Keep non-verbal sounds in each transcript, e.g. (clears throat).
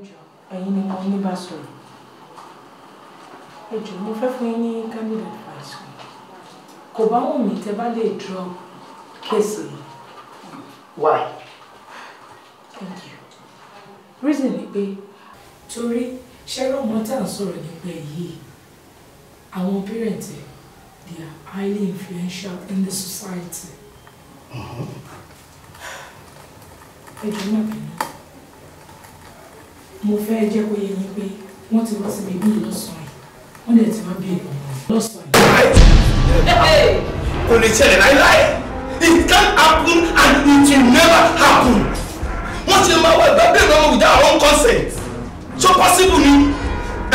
ẹjọ ẹ̀yin ni mo ní bá sọ̀rọ̀ ẹjọ mo fẹ́ fún yín ní candid advice kò bá wù mí tẹ́ bá lè drop case yìí. why. thank you reason ni pé torí ṣẹ́rọ̀ ọmọ tá à ń sọ̀rọ̀ nípa èyí àwọn parents ẹ̀ they are highly influential in the society. Mm-hmm. ẹjọ má bínú mo fẹ́ jẹ́ kó yé yín pé wọ́n ti wá sí bèbí lọ́sàn-án yìí wọ́n dẹ̀ ti wá bí ènìyàn lọ́sàn-án yìí. kò lè ṣẹlẹ̀ láíláí it can happen and it will never happen wọ́n ti máa wá ìgbà bẹ́ẹ̀ lọ́wọ́ without our own consent so possible ni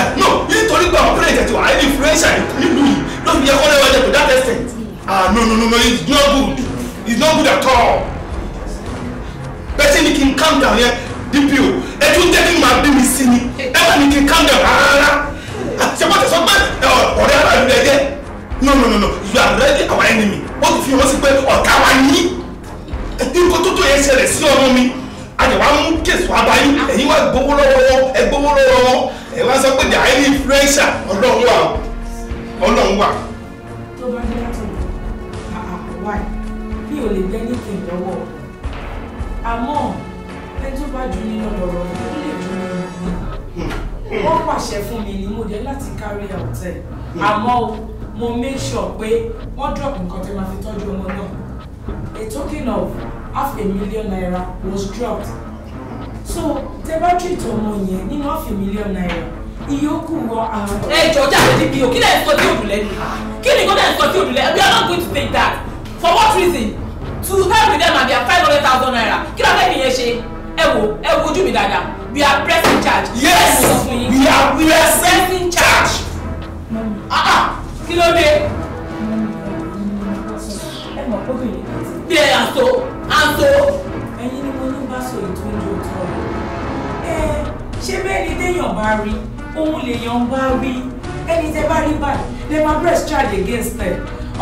eh, no nítorí pé àwọn pẹ̀lẹ́ ìjẹ̀tì wà á ní influential nílùú yìí ló fi yẹ kọ́ lẹ́wọ́ ẹ̀jẹ̀ to that extent ah no no no no it's not good it's not good at all person ni kí calm down yẹn. Yeah? DPO ẹ tún jẹ́ kí màá bí mi sí ni ẹ bá ní kí n calm down rárá àti ṣẹ́pọ̀ tẹ̀sán pé ọ̀rẹ́ ara ìlú ẹ̀jẹ̀ no no no no you are ready, our enemy wọ́n ti fi hàn sí pé ọ̀tá wa yín nǹkan tó tó yẹ ṣẹlẹ̀ sí ọmọ mi àjẹwà mú kẹsàn abayí ẹ̀yin wá gbowó lọ́wọ́ wọn ẹ gbowó lọ́wọ́ wọn ẹ wá sọ pé the highly influencer ọlọ́run wà ọlọ́run wà. tó bá dé látọ̀ mi àpò wáyé mi ò lè gbẹ́ ní kí lọ́wọ́ àmọ́ bá jù ní lọ lọ́rọ̀ ó lè jù ní lọ. wọ́n pàṣẹ fún mi ní mo dé láti carry out ẹ̀ àmọ́ mo make sure pé wọ́n drop nǹkan tí ma fi tọ́jú ọmọ náà a token of half a million naira was dropped so tẹ bá treat ọmọ yẹn nínú half a million naira ìyókù wọ àwọn. ẹ jọ jáde níbi o kí lẹ́yìn sọ tí òdùlẹ̀ ni kí ni gómìnà sọ tí òdùlẹ̀ we are not going to take that for what reason to help with them and their five hundred thousand naira kí ló fẹ́ nìyẹn ṣe ẹ wò ẹ wo ojú mi dáadáa we are pressing charge. yes we are we are pressing charge. Ah, ah, kí ló dé. ẹ mọ̀ kó bìnrin kan ti. bẹ́ẹ̀ àtò àtò. ẹ̀yin ni mo ní bá sọ ìtúndì òtún ọ̀rọ̀. ẹ ṣé bẹ́ẹ̀ ni téèyàn bá rí òun lèèyàn bá rí ẹni tẹ bá rí báyìí lè máa press charge against ẹ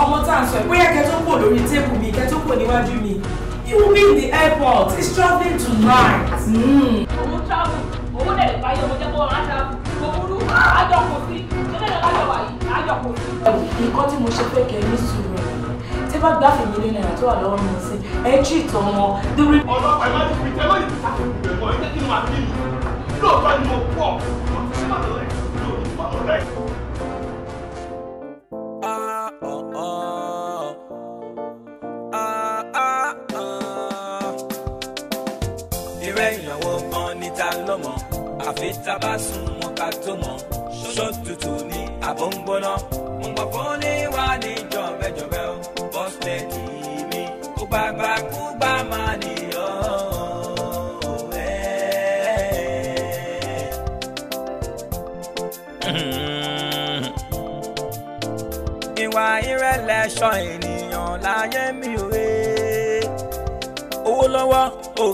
ọmọ tá à ń sọ ẹ bóyá kẹtọ́ pò lórí tébù mi kẹtọ́ pò níwájú mi You will be in the airport. He's traveling tonight. Òun hmm. travel. Owó lè lè báyé ọmọdé kó máa travel. Òun rú àjọ kò sí. Ṣé lè lọ́jọ́ wà yìí? Àjọ kò sí. Nǹkan tí mo ṣe pé kẹ́ ní sùúrù tí bá gbáfẹ̀ mi ní náírà tó wà lọ́wọ́ mi sí ẹ jí ìtàn wọn lórí. ọlọ́pàá ẹ má ti fi tẹ ẹ má ti fi tàkùn ìgbẹ́ mọ́ ẹ jẹ́ kí n máa bí mi lóòótọ́ ni mo pọ̀ mo ti ṣe máa lọ rẹ̀ lóòótọ́ mo rẹ̀. pé tábà sùn wọn ká tó mọ̀ ṣọ́ṣọ́ tutù ní àbọ̀ ń gbóná. mo gbọ́ fún ní wà ní jọ̀bẹ́jọ̀bẹ́ o bọ́sẹ̀tì mi kó gbàgbà kú gbà máa nìyọ́. ìwà ìrẹ̀lẹ̀ ṣọ́ ènìyàn láyé mi ò he eh. owó lọ́wọ́ ò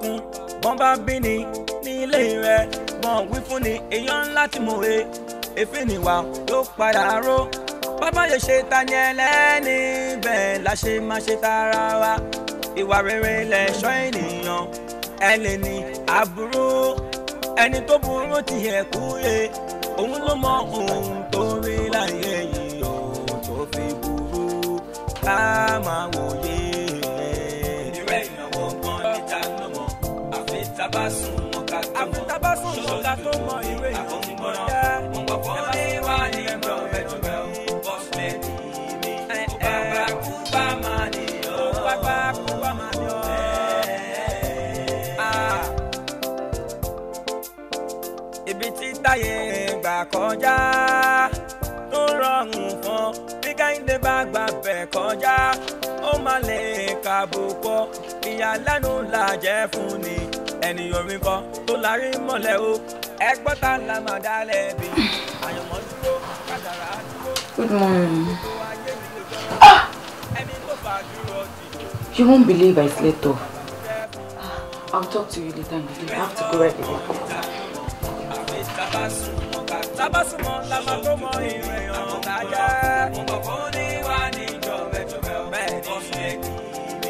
kún bọ́n bá bí ni nílé rẹ̀ ẹnìkan wí fún ni èèyàn ńlá tí mo he èéfín níwà ló padà ró bàbá yóò ṣe ta ni ẹlẹ́ni bẹ́ẹ̀ la ṣe máa ṣe tara wa ìwà rere lẹ̀ṣọ́ ènìyàn ẹ lè ní aburú ẹni tó burú tiẹ̀ kú yé òun ló mọ ohun tó rí láyé yìí ó tó fi burú ká máa wòye. ọ̀tá tó mọ ìwé ìkọ̀dá ẹ bá ní ẹ̀rọ ẹ̀tùbẹ̀ bọ́sùlẹ̀ ní mi. bàbá kú ibi tí táyé gbà kọjá tó rọrùn fún bí bá gbà bẹ̀ kọjá ó má lè kàbùkọ ìyàlẹ́nu là fún ni ẹni orin bọ́ tó larí mọ̀lẹ́ o ẹgbọ́n ta la mà dálẹ̀ àyànmọ́ dúró kádàrá dúró. Good morning. Ah! You won't believe I slept off. Ah, I'll talk to you later You have to go right away.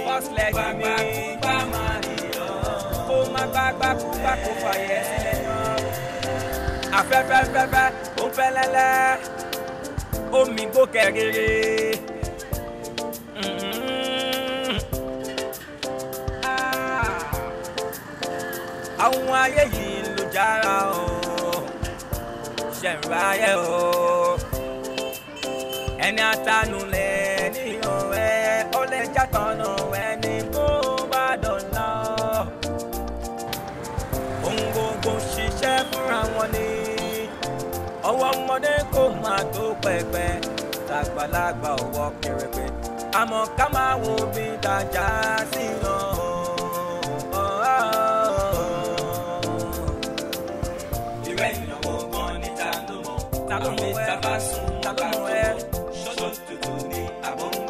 Bọ́sùlẹ̀ má gbá gbákú gbákú fàyẹ́ sílẹ̀ náà. afẹ́fẹ́fẹ́fẹ́ ó ń fẹ́ lẹ́lẹ́ omi gòkè rere. Mm-hmm. Ah. àwọn ayé yìí ló jára o ṣẹ̀ǹbá ayé o ẹni àtànù lẹ́ni ọ̀rẹ́ ó tán náà. wọn ni ọwọ́ ọmọdé kò máa tó pẹ̀pẹ̀ tàgbàlagbà ọwọ́ kẹrẹpẹ àmọ́ ká máa wo bí dájà sí náà. ìrẹ́ ìnáwó gan níta ló mọ̀ ta ló mọ̀ ẹ́ ta ló mọ̀ ẹ́ ṣọ́ṣọ́ tuntun ní àbọ̀mọ́.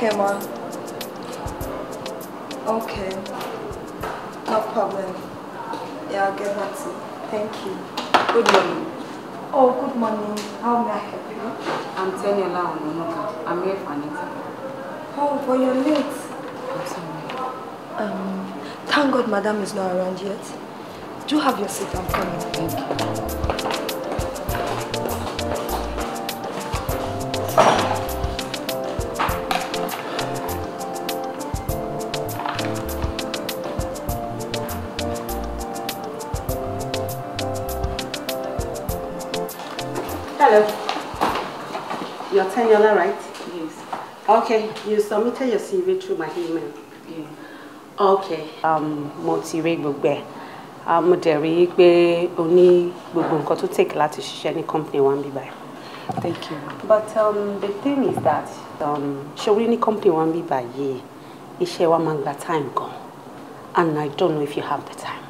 Okay, ma. Okay. No problem. Yeah, I'll get that. to Thank you. Good morning. Oh, good morning. How may I help you? I'm Teniola Ononoka. I'm here for Anita. Oh, but you're late. I'm sorry. Um, thank God Madam is not around yet. Do have your seat. I'm coming. Thank you. Okay, you submitted your CV through my email. Yeah. Okay. Um, mo ti rí gbogbo ẹ̀. Ah, mo dẹ̀ rí pé o ní gbogbo nǹkan tó take láti ṣiṣẹ́ ní company wa ń bí báyìí. Thank you. But um, the thing is that um, ṣorí ní company wa ń bí báyìí iṣẹ́ wa máa ń gba time gan and I don't know if you have the time.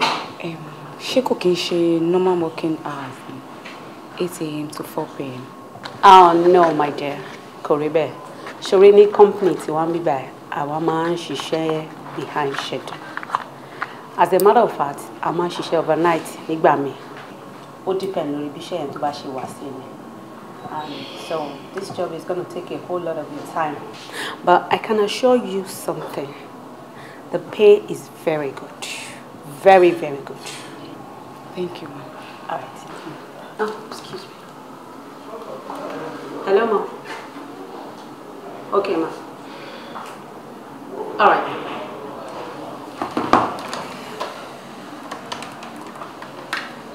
Um, ṣé kò kí n ṣe normal working hours eight a.m. to four p.m. Oh ah, no my dear, kò rí bẹ́ẹ̀ ṣorí ní company tí wọ́n ń bíbà àwa máa ń ṣiṣẹ́ behind schedule as a matter of fact a máa ń ṣiṣẹ́ overnight nígbà míì ó depend lórí bí iṣẹ́ yẹn tó bá ṣe wà sí mi and so this job is gonna take a whole lot of your time but I can assure you something the pay is very good very very good. thank you ma'am. all right. oh excuse me. hello ma'am. Okay, ma'am. All right.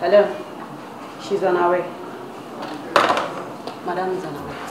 Hello. She's on her way. Madam is on her way.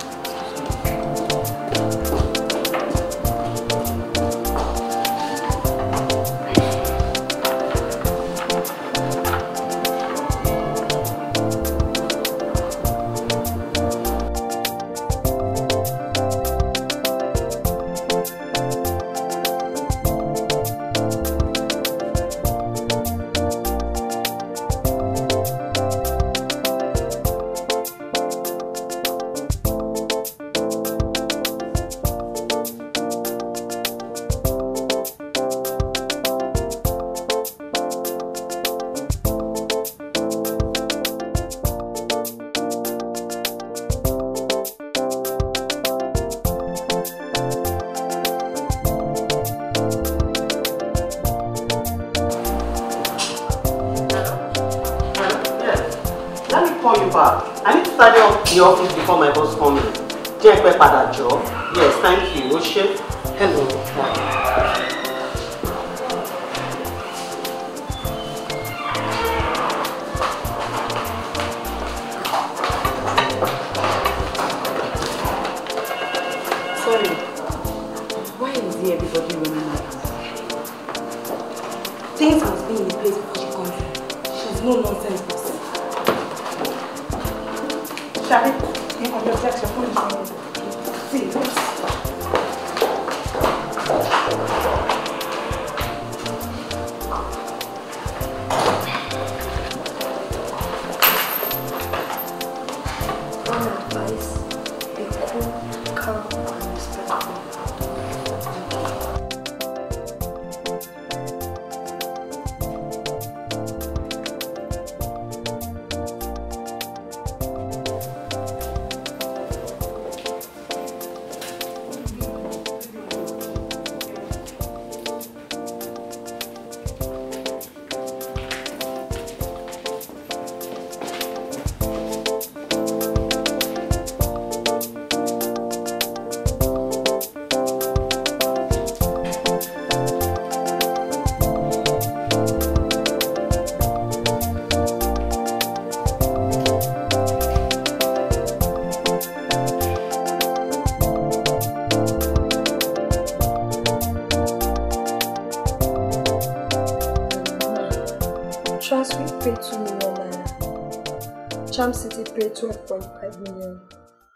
paid 12.5 million.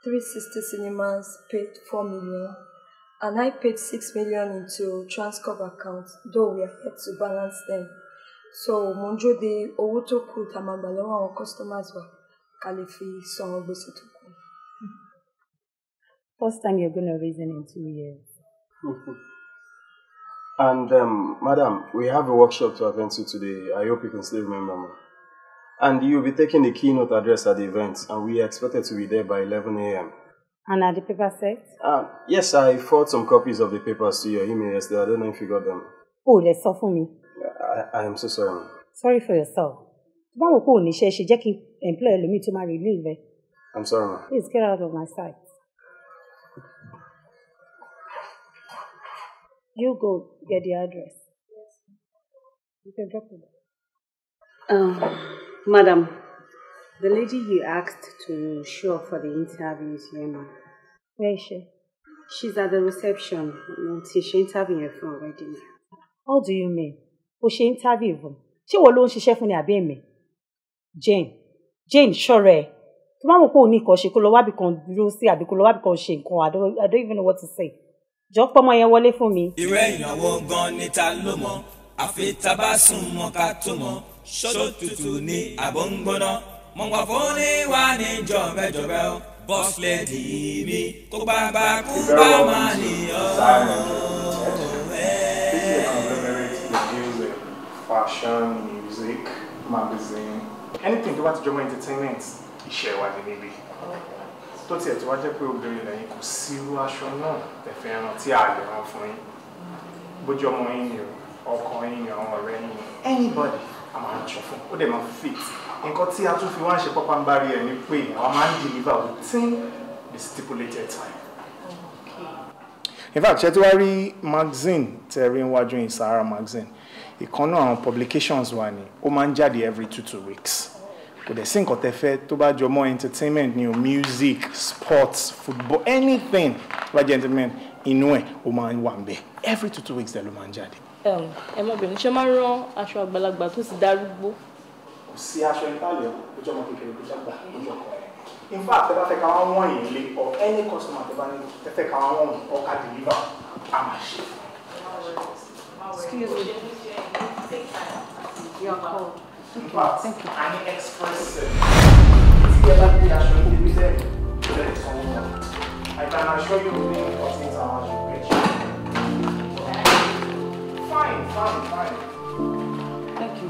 Three Sister Cinemas paid 4 million. And I paid 6 million into Transcorp account, though we are yet to balance them. So, Monjo de Owotoku Tamambalawa, our customers were Kalifi, Son First time you're going to reason in two years. (laughs) and, um, madam, we have a workshop to attend to today. I hope you can still remember me. And you'll be taking the keynote address at the event, and we are expected to be there by 11 a.m. And are the papers set? Uh, yes, I forwarded some copies of the papers to your email yesterday. I don't know if you got them. Oh, they sọ fún me. I, I am so sorry. Sorry for yourself. Tó bá ní tó i I'm sorry ma. Please get out of my sight. You go get the address. Yes. You can drop it. Um. Madam, the lady you asked to show up for the interview is Yema. Where is she? She's at the reception. She's interviewing for phone wedding. How do you mean? Oh, ṣe interview fún? She wo ló ń ṣiṣẹ́ fún ni àbí Jane, Jane sure. ẹ̀. Tó bá she could love kan ṣe kó lọ wábì kan dúró sí àbí I don't, even know what to say. Jọ for my wallet for me. Irú èèyàn wo gan-an ni ta ló mọ̀? a bá sùn mọ́ ṣó tutù ní àbọ̀ ń gbóná mo fún ní wà ní jọ̀bẹ́jọ̀bẹ́ o bọ́s mi kó bá kú bá má nìyọ́ fashion music magazine anything tó bá ti jọmọ́ entertainment iṣẹ́ wa ni níbí tó tiẹ̀ tó wá jẹ́ pé obìnrin lẹ́yìn kò sí irú aṣọ náà tẹ̀fẹ́ ẹran tí a lè rán fún yín bójú ọmọ yín ni ọkọ yín ni àwọn ọ̀rẹ́ yín anybody a máa ń sọ ó dẹ̀ máa fit nǹkan tí a tún fi wá ń ṣe pápá ń bá rí ẹ ni pé àwọn máa ń deliver within the stipulated time. in fact ṣe tí wàá rí magazine tẹ rí níwájú yìí Sahara magazine ìkànnà àwọn publications wa ni ó máa ń jáde every two two weeks kò dẹ̀ sí nǹkan tẹ fẹ́ tó bá jọ mọ́ entertainment ni o music sports football anything tó bá jẹ́ entertainment inú ẹ̀ ó máa ń wà ń bẹ̀ every two two weeks dẹ̀ ló máa ń jáde ẹ má bẹ̀rù ṣe máa rán aṣọ àgbàlagbà tó ti darúgbó. kò sí aṣọ ìtàlẹ̀ ojú ọmọ kékeré kó jágbà lójú ọkọ in fact ẹ bá fẹ́ ká wọ́n wọ̀n yìí lé or any customer tẹ bá ní ẹ fẹ́ ká wọ́n wọ̀n or ká deliver a máa ṣe. excuse me your call. in fact a express service tí ẹ bá gbé aṣọ ìdílé sẹ́yìn lẹ́yìn I can assure you within fourteen hours you Fine, fine, fine. Thank you.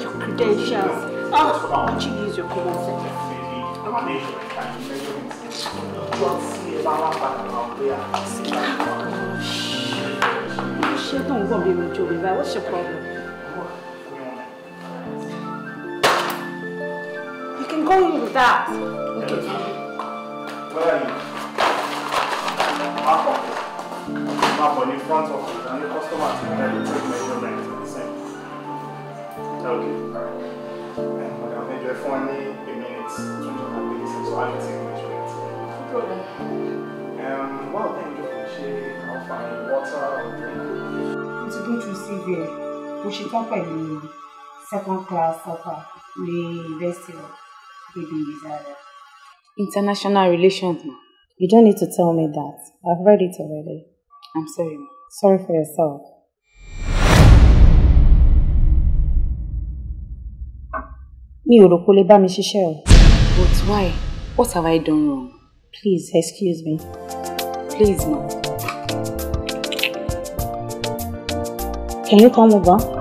Your credentials. Oh, ah. don't you use your common sense? Shit, don't go be with Joey. What's your problem? You can go in with that. Okay. Where are you? map of it. Map on the front of it and the customer to tell you take measurement to the same. Okay, alright. And we can measure for only a minute, 200 days, so I can take measurement. No problem. Um, well, then you can share how fine water or drink. It's good to see there. Mo ṣe tán pẹ̀lú second class offer ní university of baby Zaria. International relations náà. You don't need to tell me that. I've read it already. I'm sorry. Sorry for yourself. Mi ò rò kó But why? What have I done wrong? Please excuse me. Please, ma'am. Can you come over?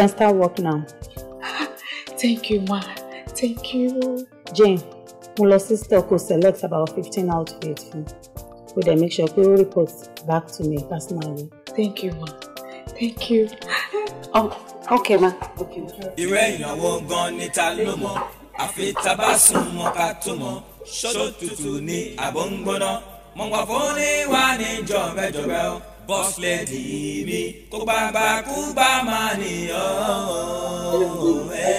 can start work now. (laughs) Thank you, ma. Thank you. Jane, mo lọ sí store select about fifteen of fún. Kó dẹ̀ make sure you report back to me personally. Thank you, ma. Thank you. (laughs) Oh, okay, ma. Okay. Irú èèyàn wo gan ni ta ló mọ̀? ni àbọ̀ ń gbóná. Mọ̀ngbà fún ní o bọ́sílẹ̀dì mi kó gbàgbà kú bá máa nìyàn ẹ̀.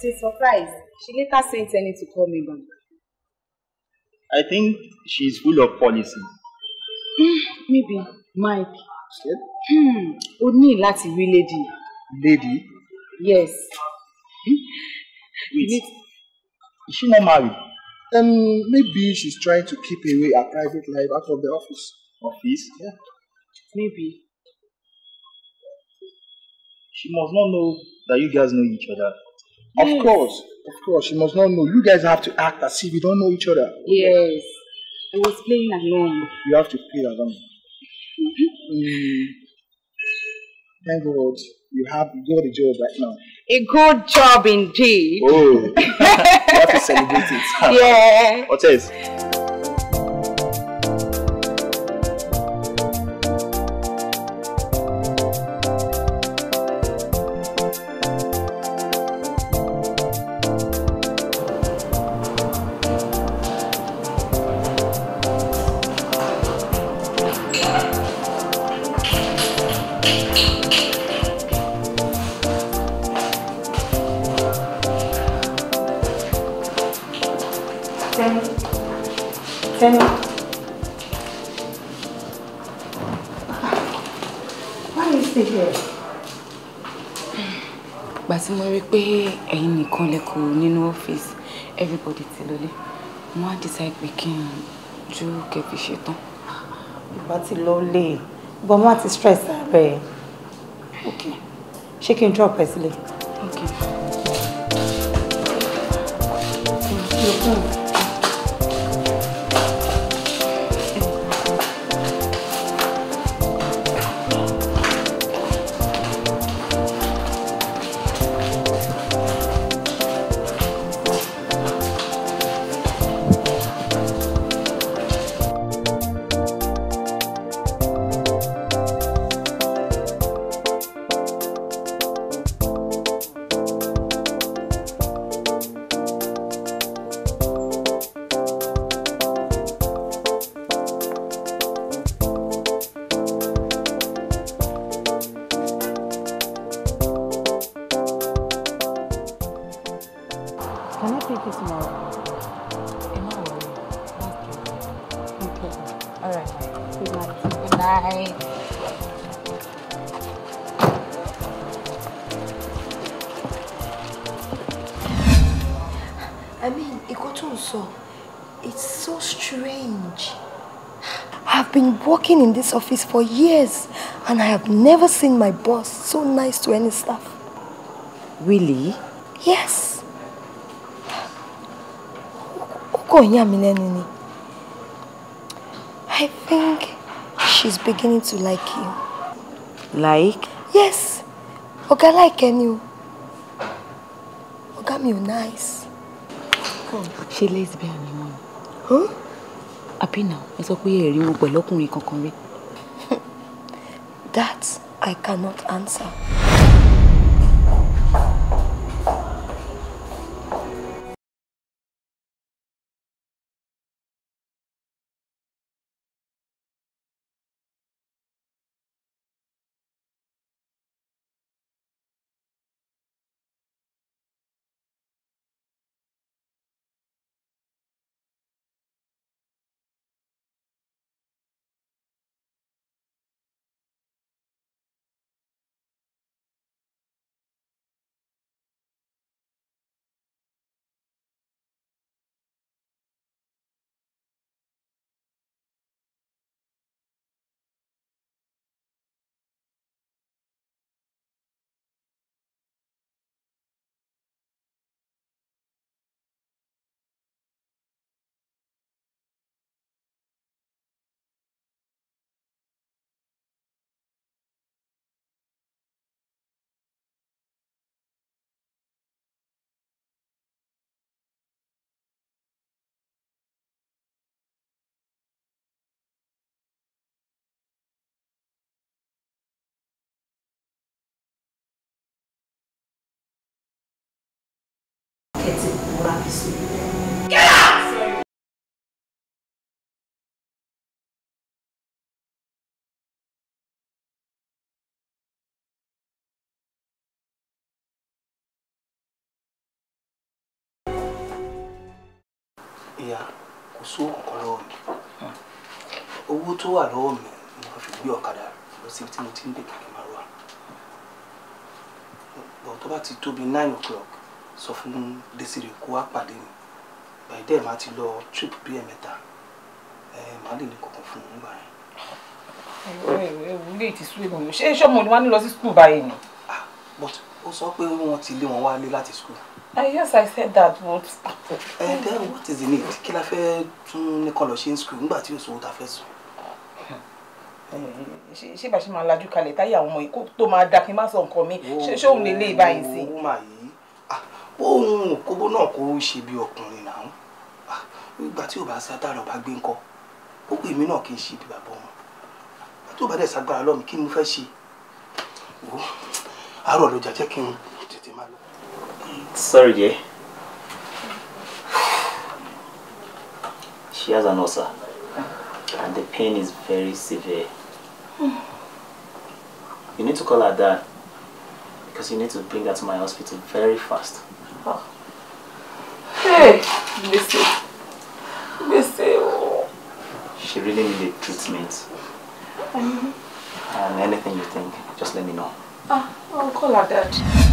to surprise she later sent Tenny to call me back. I think she's full of policy. Hmm, maybe Mike. o hmm, ní láti rí lady. lady. yes. Hmm? wait is she not married. And um, maybe she's trying to keep away her private life out of the office. Office? Yeah. Maybe. She must not know that you guys know each other. Yes. Of course. Of course. She must not know. You guys have to act as if you don't know each other. Yes. I was playing alone. You have to play alone. Mm Thank God you have got a job right now. A good job indeed. Oh. (laughs) have to celebrate it. (laughs) yeah. What everybody ti lọlé wọ́n á decide pé kí n ju kẹfì ṣetán. ìbá ti lọ lè bọ́ ti stress ara okay ṣé kí drop ẹ sílẹ̀. okay. okay. this office for years and I have never seen my boss so nice to any staff. Really? Yes. I think she's beginning to like you. Like? Yes. Ọ̀gá like ẹni o. Ọ̀gá mi nice. She lays bare me, huh? náà, ẹ sọ pé ẹ̀rí wọn pẹ̀lú ọkùnrin kankan rí. That I cannot answer. ìyá kò sówó kankan lọ́wọ́ mi owó tó wà lọ́wọ́ mi ni wọ́n fi gbé ọ̀kadà lọ síbi tí mo ti ń gbé kẹ̀kẹ́ máa wà bọ̀ tó bá ti tó bí nine o'clock sọ fún Desire kó wá pàdé mi báyìí dẹ́ẹ̀ máa ti lọ trip bí ẹ̀mẹ́ta màá lè ní kankan fún un gbà yẹn. ẹ̀wọ̀ ẹ̀wọ̀ ilé ti sún ìgbọ̀n mi ṣé sọ́mọ ni wọ́n á ní lọ sí skul báyìí ni. Ah, but ó sọ pé wọ́n ti lé wọn wá lé láti skul. Uh, yes, I said that, but. Uh, then what is the need? Kí la fẹ́ tún ní kọlọ̀ ṣe ń sùkúl nígbà tí oṣù ta fẹ́ sùn. Eh, ṣé bá ṣe máa lajú kalẹ̀ táyà àwọn ọmọ yìí kó tó máa da kí n má sọ nǹkan mi? Ṣé òun lè lé ìbáyìí sí? Ó oh, mà yìí. Òun ah, òkóbó náà kò ṣe bí ọkùnrin náà. Ah, nígbà tí ò bá sá tára ọba gbé ńkọ, ó pè mí náà kì í ṣe bí bàbá ọmọ. Tó bá dẹ̀ ságbára lọ́mi Sorry, She has an ulcer and the pain is very severe. You need to call her dad because you need to bring her to my hospital very fast. Oh. Hey, Missy. Missy. Oh. She really needed treatment. Mm-hmm. and anything you think, just let me know. Ah, I'll call her dad.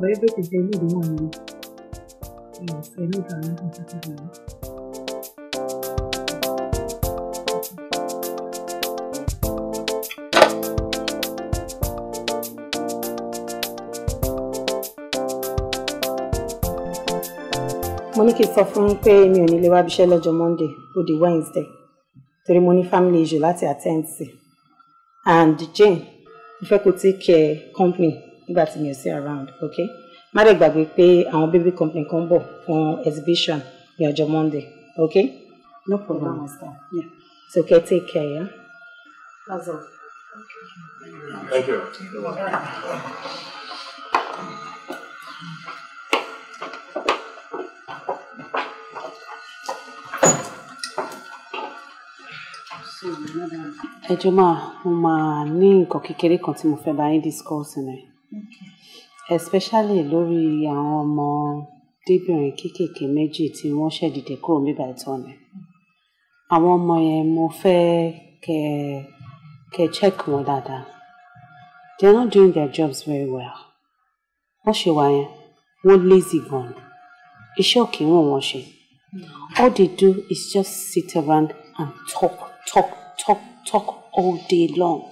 Bebe que tem de um ano. Eu sei que não tem essa coisa. mo ní kí n sọ fún pé mi ò monday ó di wednesday torí mo ní family issue láti attend sí and jane mo fẹ́ kó take company nígbà tí mi ò sí around ok má dẹ̀ gbàgbé pé àwọn baby company kan bọ̀ fún exhibition ní ọjọ́ monday ok no problem mm. master yeah. so okay take care yeah? that's all. Thank you. Thank you. ẹ jọ máa mo máa ní nǹkan kékeré kan tí mo fẹ́ bá yín discuss ni especially lórí àwọn ọmọdébìnrin kéékèèké méjì tí wọ́n ṣẹ̀dìdè kúrò níbà ìtàn ni àwọn ọmọ yẹn mo fẹ́ kẹ́ kẹ́ check wọn dáadáa they are not doing their jobs very well wọ́n ṣe wà yẹn wọ́n lazy gan iṣẹ́ òkè wọn wọ́n ṣe all they do is just sit around and talk talk talk talk all day long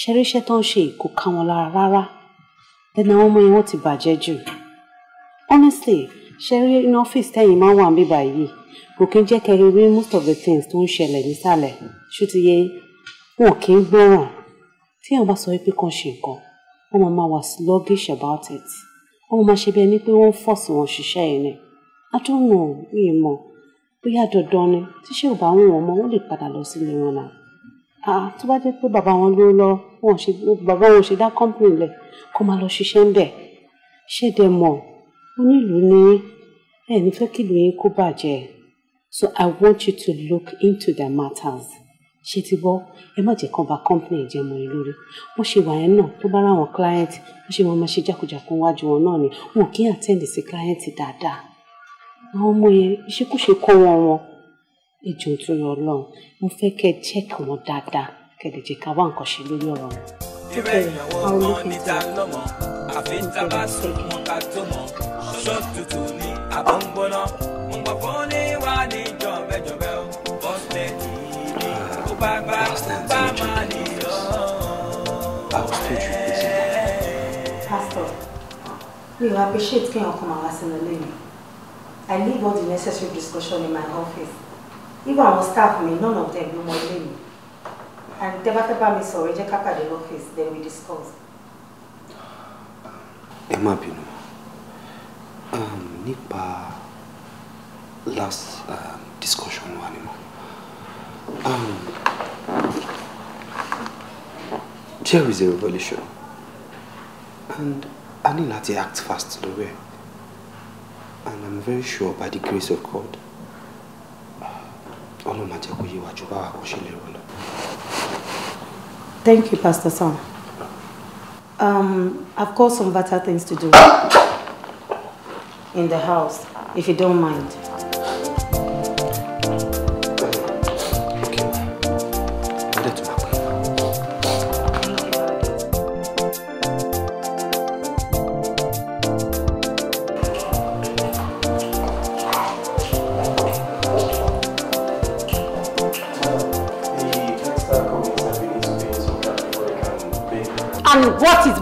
ṣeré iṣẹ́ tó ń ṣe kò ká wọn lára rárá ẹnu ọmọ yẹn wọ́n ti bàjẹ́ jù honestly ṣe rí inú ọ́fíìsì tẹ́yìn máa ń wà níbà yìí kò kí ń jẹ́ kẹrin rí most of the things tó ń ṣẹlẹ̀ nísàlẹ̀ ṣùtìyẹ wọn kì í gbọ́ràn tí àwọn bá sọ pé kàn ṣe nǹkan wọ́n máa máa wà sluggish about it wọ́n máa ṣe bí ẹni pé wọ́n ń fọ̀sì wọn ṣiṣẹ́ yìí ni I don't know mi ì mọ̀ bóyá dandan ni tíṣe ò bá wọn wọn mọ wọ́n lè padà lọ sílé wọn náà àà ah, pé bàbá wọn ló lọ́ọ́ wọn ṣe bàbá wọn ṣe dá company lẹ̀ kó máa lọ ṣiṣẹ́ ń bẹ̀ ṣé dẹ mọ̀ onílùú ni ẹ̀ ní fẹ́ kí ìlú kó bàjẹ́ so I want you to look into the matters ṣe ti bọ́ ẹ má jẹ́ kán ba company jẹ́ mọ́ ẹ lórí bó ṣe wà yẹn náà tó bá ráwọn client bó ṣe wọn máa ṣe jákujàkun wájú wọn náà ni wọn kì í attend sí client dáadáa àwọn ọmọ yẹn ìṣekúṣe kọ́ wọn wọn ìjọ tó yọ ọlọ́run mo fẹ́ kẹ́ check wọn dáadáa kẹ̀dẹ̀jẹ̀ ká wá nǹkan ṣe lórí ọ̀rọ̀ rẹ̀. ìrẹ́ ìyàwó wọn ní ta ló àfi ta bá sùn wọn ká tó mọ̀ ṣọ́ṣọ́ tutù ní àbọ̀ ń gbọ́ fún ní wà ní jọ̀bẹ́jọ̀bẹ́ o bọ́sẹ̀ kìí kó bá gbá bá máa nìyọ. Pastor, we appreciate kí ọkọ màá wá sínú lẹ́yìn. I leave all the necessary discussion in my office. Even our staff, me, none of them ló mọ ilé mi and tẹ́ bá fẹ́ bá mi sọ̀rọ̀ ẹ then we discuss. ẹ má Um, nípa last um, discussion wa ni um, there is a revolution and I need láti act fast lórí ẹ and I'm very sure by the grace of God all of my kó yé wa jù báwa kò ṣe lè Thank you, Pastor Sam. Um, I've got some better things to do in the house, if you don't mind.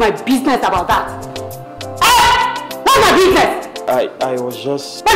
my business about that? Eh? What's my business? I, I was just... But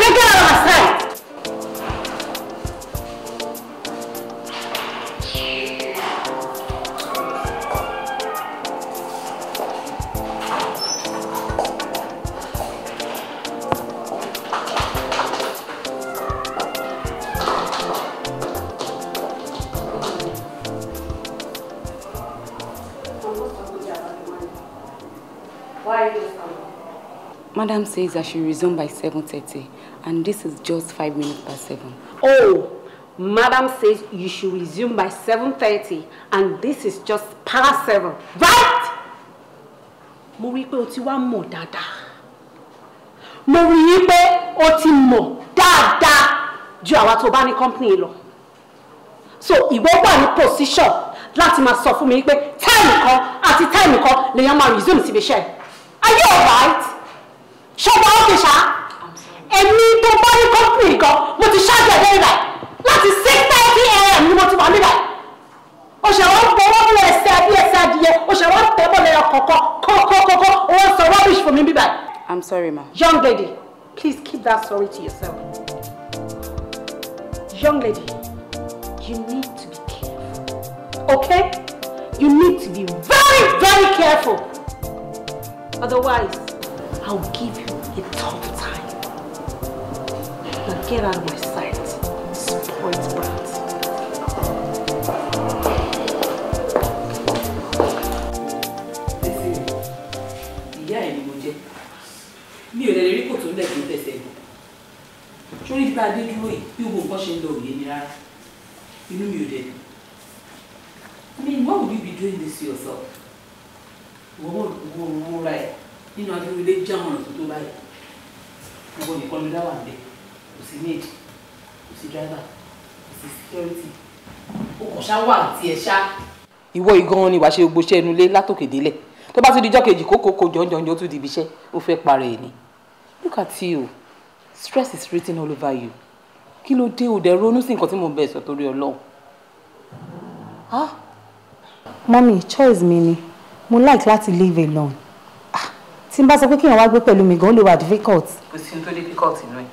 Madam says I should resume by 7.30 and this is just 5 minutes past 7. Oh, Madam says you should resume by 7.30 and this is just past 7. Right? Mo rí pé o ti wá mọ̀ dáadáa. Mo rí pé o ti mọ̀ dáadáa ju àwa tó bá ní company lọ. So ìwọ wà ní position láti máa sọ fún mi pé táìmù kan àti táìmù kan lèèyàn ma resume síbi iṣẹ́. Ayé ò sorry, ma'am. Young lady, please keep that sorry to yourself. Young lady, you need to be careful, okay? You need to be very, very careful. Otherwise, I'll give you a tough time. Now get out of my sight. tá a dé dúró bí gbogbo nǹkan ṣe ń lọ òye mi rárá inú mi ò dẹ̀ dùn I mean what would you be doing this to yourself wọ́n mọ̀ gbogbo owó ra ẹ̀ nínú adúlé jẹ́ àwọn ọ̀nà tó tó báyìí gbogbo nìkan ló dá wà níbẹ̀ kò sí maid kò sí driver kò sí security ó kàn ṣá wà tiẹ̀ ṣá. ìwọ ìgan ni wàá ṣe gbogbo iṣẹ́ inú ilé látòkè délẹ̀ tó bá ti di jọ́ kejì kókó kó jọ̀ǹjọ̀ǹjọ̀ tó di ibi iṣẹ́ ó fẹ́ para ẹ̀ ni look at you stress is written all over you kí ló dé o dẹ̀ ronú sí nǹkan tí mo bẹ̀ sọ torí ọlọ́run. mọ́mí choice mi ni mo like láti live alone ah, tí n bá sọ pé kíyàn wá gbé pẹ̀lú mi gan ó lè wà difficult. kò sí ní tó difficult inú ẹ.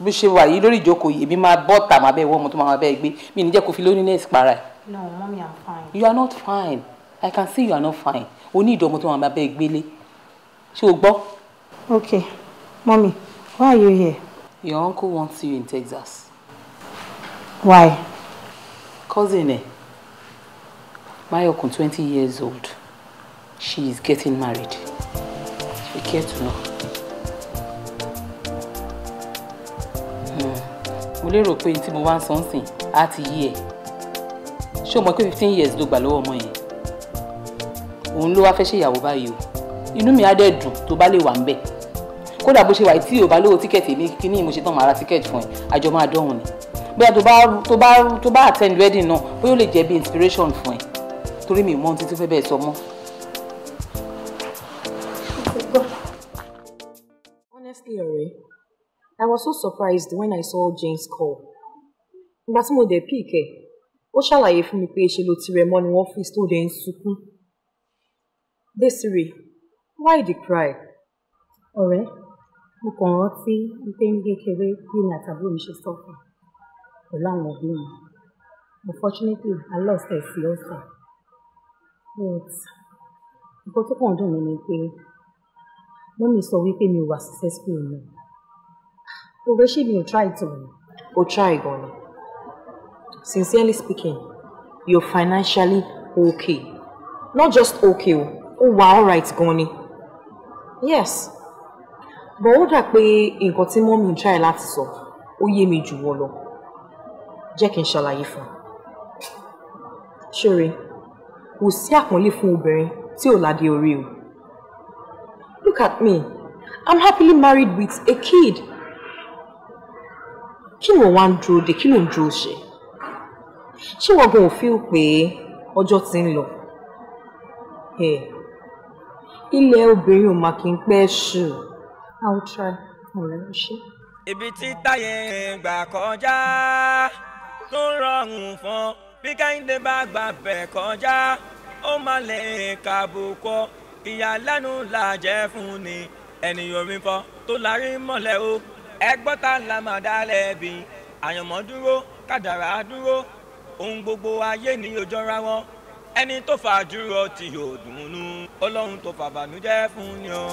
bí ṣe wà yìí lórí ìjókòó yìí èmi máa bọ́ tà máa bẹ́ẹ̀ wọ́n mo tún máa bẹ́ẹ̀ gbé mi ní jẹ́ kó fi loneliness para ẹ̀. no mommy i'm fine. you are not fine i can see you are not fine o ní ìdánwò tó máa bẹ́ẹ̀ gbélé ṣé o gbọ́. okay mommy why are you here. Your uncle wants you in Texas. Why? Cousin eh? My uncle 20 years old. She is getting married. Be care to know. Hmm. mo lérò pé tí mo wá ń sọ á ti yí ẹ ṣé o mọ̀ pé fifteen years ló gbà lọ́wọ́ ọmọ yẹn òun ló wá fẹ́ ṣèyàwó báyìí o inú mi á dẹ̀ dùn tó bá lè wà ń bẹ̀ kódà bó ṣe wà tí o bá lówó tíkẹ́ẹ̀tì èmi kíní mo màá ra tíkẹ́ẹ̀tì fún ẹ àjọ máa dọ̀hùn ni bóyá tó bá tó bá attend wedding náà bóyá ó lè jẹ́ bí inspiration fún ẹ torí mi ò mọ ohun títí fẹ́ bẹ́ẹ̀ sọ mọ́. honestly ọ̀rẹ́ I was so surprised when I saw Jane's call ìgbà tí mo dẹ̀ pick ẹ̀ ó ṣàlàyé fún mi pé ṣe ló ti rẹ̀ mọ́ ni wọ́n fi stóde ń sunkún Desiree why the cry ọ̀rẹ́. Right. Mo kàn rántí wípé ní kékeré bí èmi àti àbúrò mi ṣe suffer pẹ̀lú àwọn òbí mi. Unfortunately, I lost her also. But nǹkan tó kàn dùn mí ni pé mummy sọ wípé mi ò wà successful ni. Kò wẹ́ ṣé mi ò try tó O try gan ni. Sincerely speaking, you're financially okay. Not just okay o, ó wà alright gan ni. Yes bọ̀ ó dà pé nǹkan tí mọ́mí ń tráì láti sọ ó yé mi jù wọ́ lọ jẹ́ kí n ṣàlàyé fún un. ṣóre kò sí àpọ́nlé fún obìnrin tí ò ládé orí o. Look at me I'm happily married with a kid. kí ni wọ́n wá ń dúró de kí ló ń dúró ṣe? ṣé wọ́n gan ò feel pé ọjọ́ ti ń lọ? ilẹ̀ obìnrin ò mà kí ń pẹ́ ṣù. I try. ọ̀rẹ́ ó ṣe. ibi tí táyé gbà kọjá tó rọrùn fún bí bá gbà bẹ̀ kọjá ó má lè kàbùkọ ìyàlẹ́nu là jẹ́ fún ni ènìyàn orin kan tó larí mọ́lẹ̀ o ẹgbọ́n ta la máa dálẹ̀ àyànmọ́ dúró kádàrá dúró ohun gbogbo ayé ni ó jọra wọn ẹni tó fà dúró ti yóò dùn ún ọlọ́run tó fà bànújẹ́ fún ni o.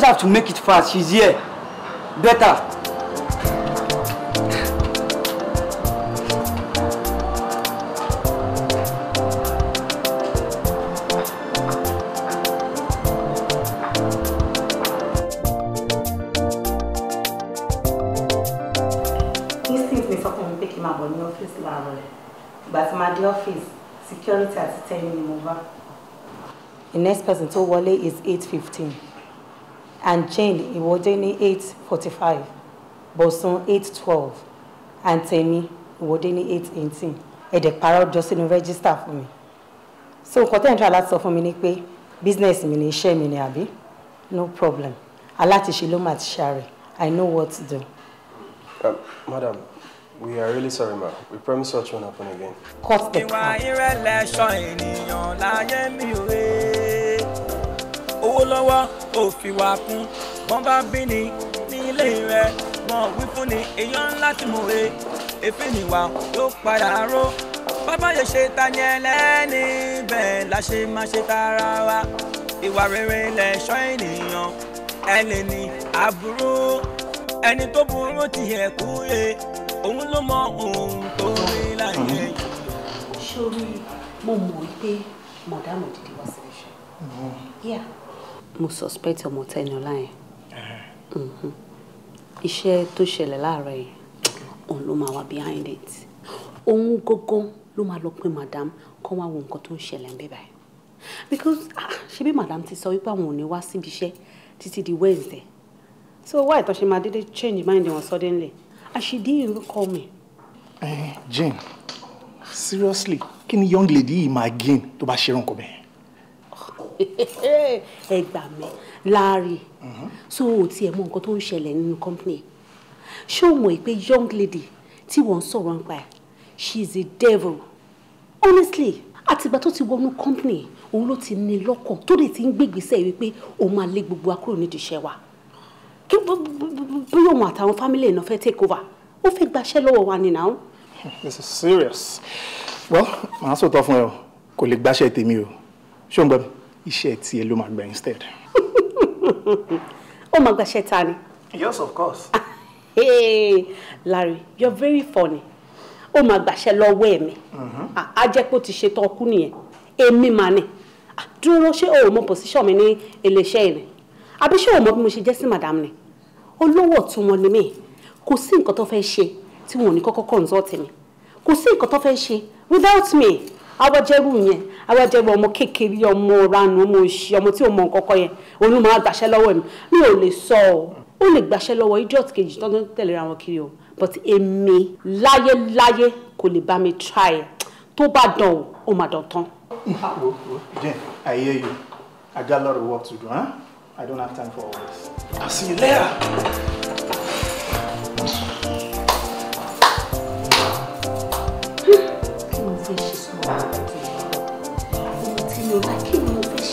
just have to make it fast. She's here. Better. the office security àti ten ni mo bá. the next person tó wọlé is eight fifteen and Jane Ìwọ́dé ní eight forty five Bọ̀sùn eight twelve and tèmi Ìwọ́dé ní eight eighteen just in jọ sínú rẹ́gísítà fún so nǹkan tẹ́ ń try láti sọ fún ni pé business mi ni iṣẹ́ mi ni àbí no problem alátiṣe ló máa ti ṣàrẹ̀ I know what to do. Um, madam we are really sorry ma we promise such won't happen again. cut the card. ìwà ìrẹ̀lẹ̀ kò fi wá kún wọ́n bá bí ni ní ilé rẹ̀ wọ́n wí fún ni èèyàn ńlá tí mo he èéfì níwà ló padà ró bábá yẹn ṣe ta ni ẹlẹ́ni bẹ́ẹ̀ la ṣe máa ṣe tara wa ìwà rere lẹ̀ṣọ́ ènìyàn ẹlẹ́ ni aburú ẹni tó burú tiẹ̀ kú yẹ òun ló mọ ohun tó rí láyé. sórí mo mọ̀ pé mọ̀dàmọ̀ dìde wá sílẹ̀ ṣe. Mm-hmm mo suspect ọmọ Tẹniọlá yẹn mm-hmm. iṣẹ́ tó ṣẹlẹ̀ láàárọ̀ yẹn òun ló máa wà behind it òun gógó ló máa lọ pé madam kó wá wo nǹkan tó ń ṣẹlẹ̀ níbẹ̀ báyìí because ah, ṣé bí madam ti sọ wípé àwọn ò ní wá síbi iṣẹ́ títí di Wednesday so why ìtàn ṣe máa dédé change mind wọn suddenly and she didn't even call me. Jane seriously kí ni young lady yìí máa gain tó bá ṣe irun kọ bẹ́ẹ̀ ẹ gbà mí láàrin so o tiẹ̀ mọ nǹkan tó ń ṣẹlẹ̀ nínú company ṣé o mọ̀ pé young lady tí wọ́n ń sọ̀rọ̀ nípa ẹ̀ she is a devil honestly àtìgbà tó ti wọnú company òun ló ti ní lọ́kàn tó lè ti ń gbègbèsẹ̀ wípé òun máa lé gbogbo akúrò nídìí iṣẹ́ wa kí bóyá òun àtàwọn family ẹ̀ náà fẹ́ take over ó fẹ́ gbaṣẹ́ lọ́wọ́ wa nìyà ó. this is serious well màá sòtọ́ fún ẹ o kò lè gbaṣẹ́ tèmi o ṣé o ń gbọ́ mi iṣẹ́ tiẹ̀ ló máa gbà instead. (laughs) ó máa gbàṣẹ́ ta ni. yes of course. (laughs) hey, Larry you're very funny ó máa gbàṣẹ́ lọ́wọ́ ẹ̀ mi á mm-hmm. jẹ́ pé ó ti ṣe tọ́kú nìyẹn èmi màá ni dúró ṣé o ò mọ position mi ní iléeṣẹ́ yìí ni àbí ṣé o mọ bí mo ṣe jẹ́ sí madam ni olówó tún wọn ni mí kò sí nǹkan tó fẹ́ ṣe tí wọn ò ní kọ́kọ́ consult mi kò sí nǹkan tó fẹ́ ṣe without me àwọjẹrù yẹn awájẹ́gbẹ́ ọmọ kékeré ọmọ ranù ọmọ òṣì ọmọ tí ò mọ nǹkan yẹn òun ló máa gbàṣẹ́ mi mi ò lè sọ ọ́ ó lè gbàṣẹ́ lọ́wọ́ idiot kejì tó ń ra wọn kiri o but èmi láyéláyé kò lè bá mi try ẹ̀ e. tó bá dán o ó máa dán tán. wo I hear you I got a lot of work to do huh? I don't have time for all this. I'll see you later. Thank you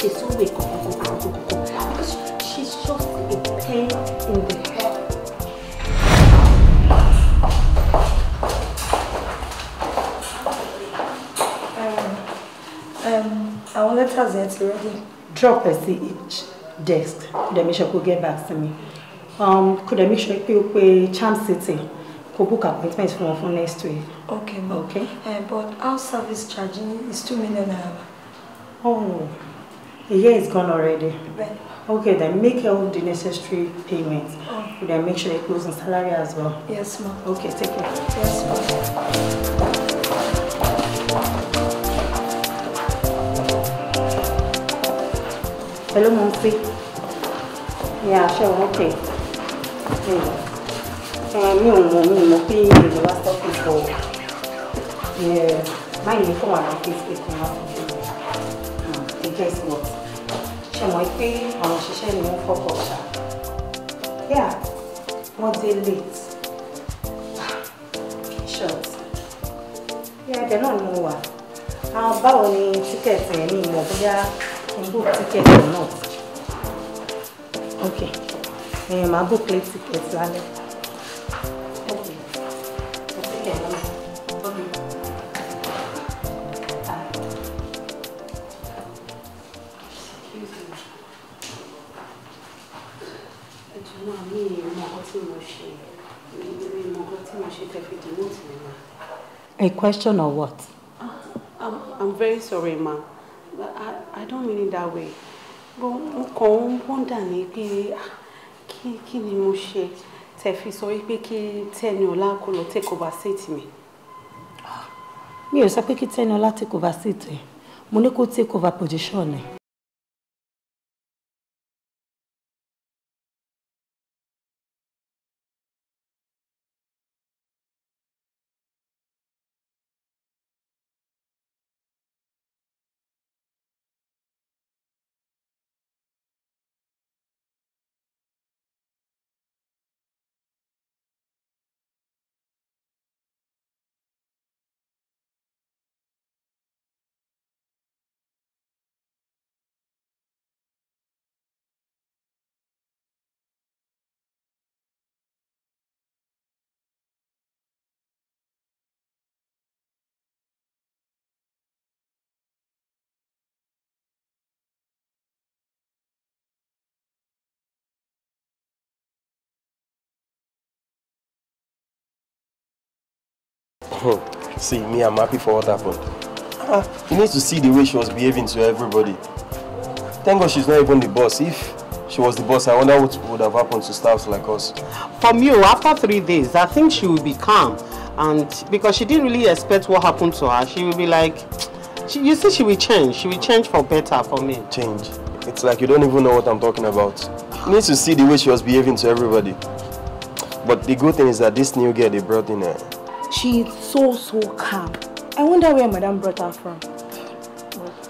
ṣe sóòwé kọ̀kọ̀kọ̀kọ̀kọ̀ she's just a pain in the head. Um, um. I to letters yẹn ti ready. drop ẹ sí each desk kò dẹ̀ make sure kó get back to me. Um, could I make sure you o pé charm city kó book appointment fún wọn next week. okay ma okay. Uh, but our service charging is two million naira. oh. A year is gone already. Well. Okay, then make all the necessary payments. Oh. Then make sure they close on salary as well. Yes, ma'am. Okay, take care. Yes, ma'am. Hello, Monsi. Yeah, sure, okay. Eh, mi ò mọ̀ mi mọ̀ pé èdè wá sọ́kùn fọ̀. Máyì ní fún wa náà kí n ṣe kí n It gets worse ṣe mọ̀ pé àwọn òṣìṣẹ́ ni wọ́n fọ́pọ̀ ṣá yà wọ́n dé late short (sighs) yà ibẹ̀ náà ni mo wà àwọn báwo ni tíkẹ̀tì ẹ̀ ní ìmọ̀ bóyá n book tíkẹ̀tì náà ok màá book late tíkẹ̀tì lálẹ́. A question or what? Ah, I'm, I'm very sorry, ma. I, I don't mean it that way. But mo kàn ń wọ́ndà ní pé ah, kí kí ni mo ṣe tẹ̀fi sọ wípé kí Tẹ́niọlá kó lọ take over seat mi. Ah, mi ò sọ pé kí Tẹ́niọlá take over seat ẹ̀. Mo ní kó take over position ẹ̀. Oh, see, me, I'm happy for what happened. Ah, you need to see the way she was behaving to everybody. Thank God she's not even the boss. If she was the boss, I wonder what would have happened to staffs like us. From oh, you, after three days, I think she will be calm. And because she didn't really expect what happened to her, she will be like, she, you see, she will change. She will change for better for me. Change. It's like you don't even know what I'm talking about. You need to see the way she was behaving to everybody. But the good thing is that this new girl they brought in, uh, She is so, so calm. I wonder where Madame brought her from.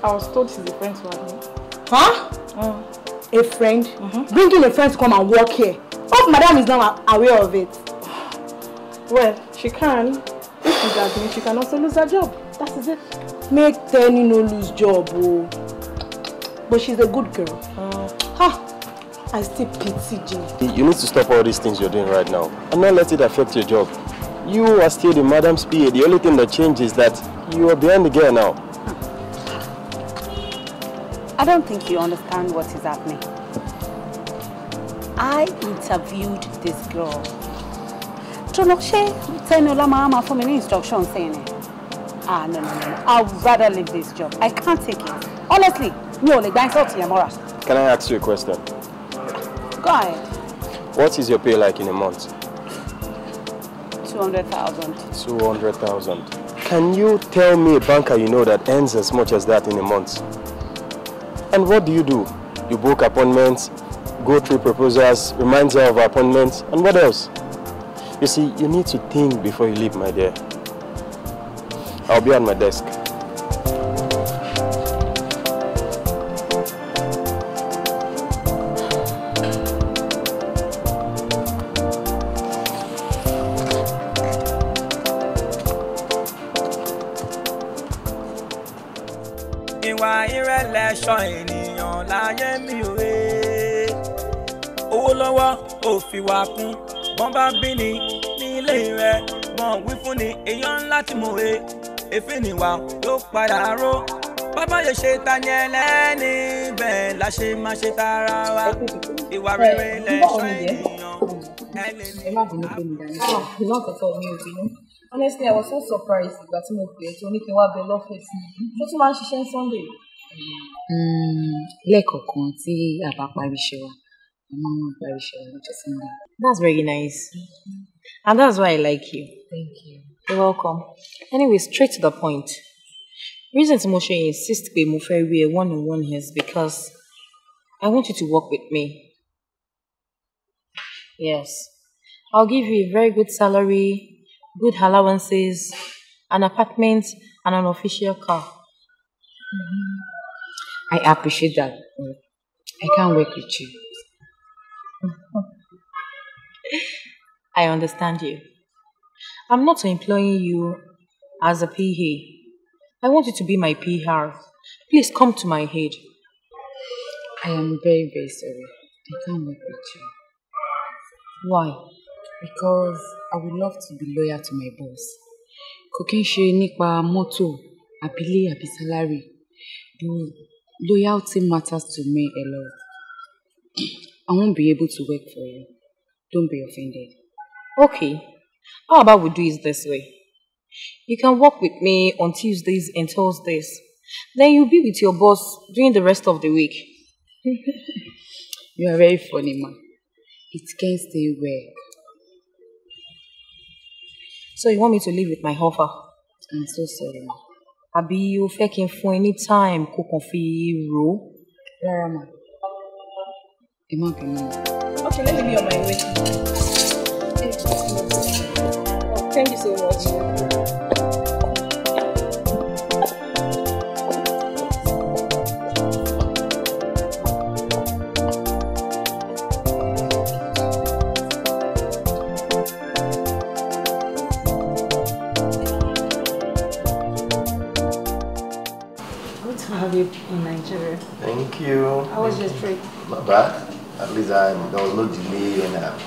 I was told she's a friend to her. Huh? Mm. A friend? Mm-hmm. Bringing a friend to come and work here. Hope Madame is now aware of it. Well, she can. If she's admin, she can also lose her job. That is it. Make Tenny no lose job, oh. But she's a good girl. Mm. Ha! I still pity Jane. You need to stop all these things you're doing right now and not let it affect your job. You are still the madam's PA. The only thing that changed is that you are behind the girl now. I don't think you understand what is happening. I interviewed this girl. Tronokshe Tenola Mahama for me instructions. saying Ah, no, no, no, I'd rather leave this job. I can't take it. Honestly, no, like bank out Yamora. Can I ask you a question? Go ahead. What is your pay like in a month? 200,000. 200,000. Can you tell me a banker you know that earns as much as that in a month? And what do you do? You book appointments, go through proposals, reminds her of appointments, and what else? You see, you need to think before you leave, my dear. I'll be on my desk. ṣọ́ ènìyàn láyé mi ò e. owó lọ́wọ́ ò fi wà kún wọ́n bá bí ni ní ilé rẹ̀ wọ́n wí fún ni èèyàn ńlá tí mo he èéfín ló padà ró bàbá yóò ṣe ta ni ẹlẹ́ni bẹ́ẹ̀ la ṣe máa ṣe tara wa ìwà rere lẹ́ṣọ́ ènìyàn ẹlẹ́ni. Ah, honestly i was so surprised ìgbà tí mo pè é tó ní kí n wá bẹ lọ́fẹ̀ẹ́ sí i tó tún máa ń ṣiṣẹ́ sunday. Mm, lẹ́ẹ̀kọ̀ọ̀kan tí parí wa parí wa lọ́jọ́ sunday. that's very nice and that's why i like you. thank you. you're welcome. anyway straight to the point reason tí mo ṣe insist pé mo fẹ́ rí one on one is because i want you to work with me. yes i'll give you a very good salary good allowances an apartment and an official car. Mm-hmm. I appreciate that. I can't work with you. (laughs) I understand you. I'm not employing you as a PA. I want you to be my PR. Please come to my head. I am very, very sorry. I can't work with you. Why? Because I would love to be loyal to my boss. Kò kí ń mọ́tò, Loyalty matters to me a lot. I won't be able to work for you. Don't be offended. Okay. How about we do it this way? You can work with me on Tuesdays and Thursdays. Then you'll be with your boss during the rest of the week. (laughs) you are very funny, man. It can stay where. So you want me to live with my hoffer? I'm so sorry, àbí o fẹ́ kí n fún ẹ ní time kó kàn fi rò ó. rárá mà ẹ má bínú. ok let me be on my way. Thank you so much. Thank you. How was your trip? Not bad. At least I, there was no delay and uh,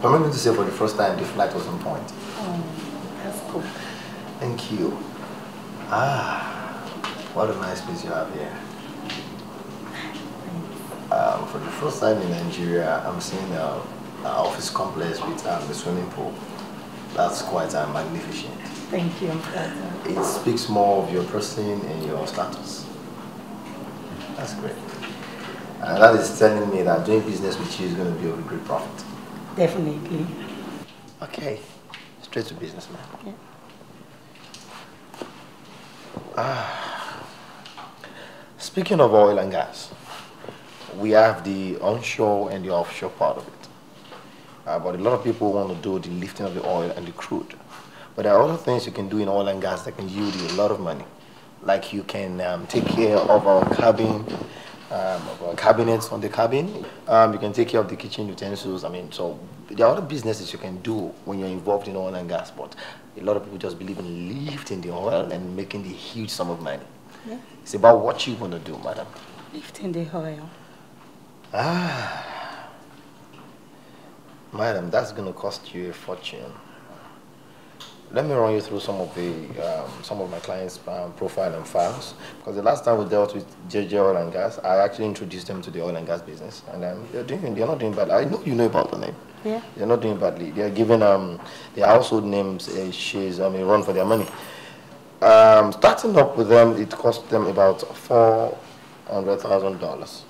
permitting to say for the first time the flight was on point. Oh, that's cool. Thank you. Ah, what a nice place you have here. Um, for the first time in Nigeria, I'm seeing an office complex with um, the swimming pool. That's quite uh, magnificent. Thank you. It speaks more of your person and your status. That's great. And uh, that is telling me that doing business with you is going to be a great profit. Definitely. Okay. Straight to business, man. Yeah. Ah. Speaking of oil and gas, we have the onshore and the offshore part of it. Uh, but a lot of people want to do the lifting of the oil and the crude. But there are other things you can do in oil and gas that can yield you a lot of money like you can um, take care of our cabin, um, of our cabinets on the cabin. Um, you can take care of the kitchen utensils. I mean, so there are other businesses you can do when you're involved in oil and gas, but a lot of people just believe in lifting the oil and making the huge sum of money. Yeah. It's about what you want to do, madam. Lifting the oil. Ah. Madam, that's going to cost you a fortune let me run you through some of the um, some of my clients' um, profile and files. Because the last time we dealt with JJ Oil and Gas, I actually introduced them to the oil and gas business, and um, they're doing they're not doing bad. I know you know about the name. Yeah. They're not doing badly. They're giving um their household names uh, shares I mean run for their money. Um, starting up with them, it cost them about four hundred thousand dollars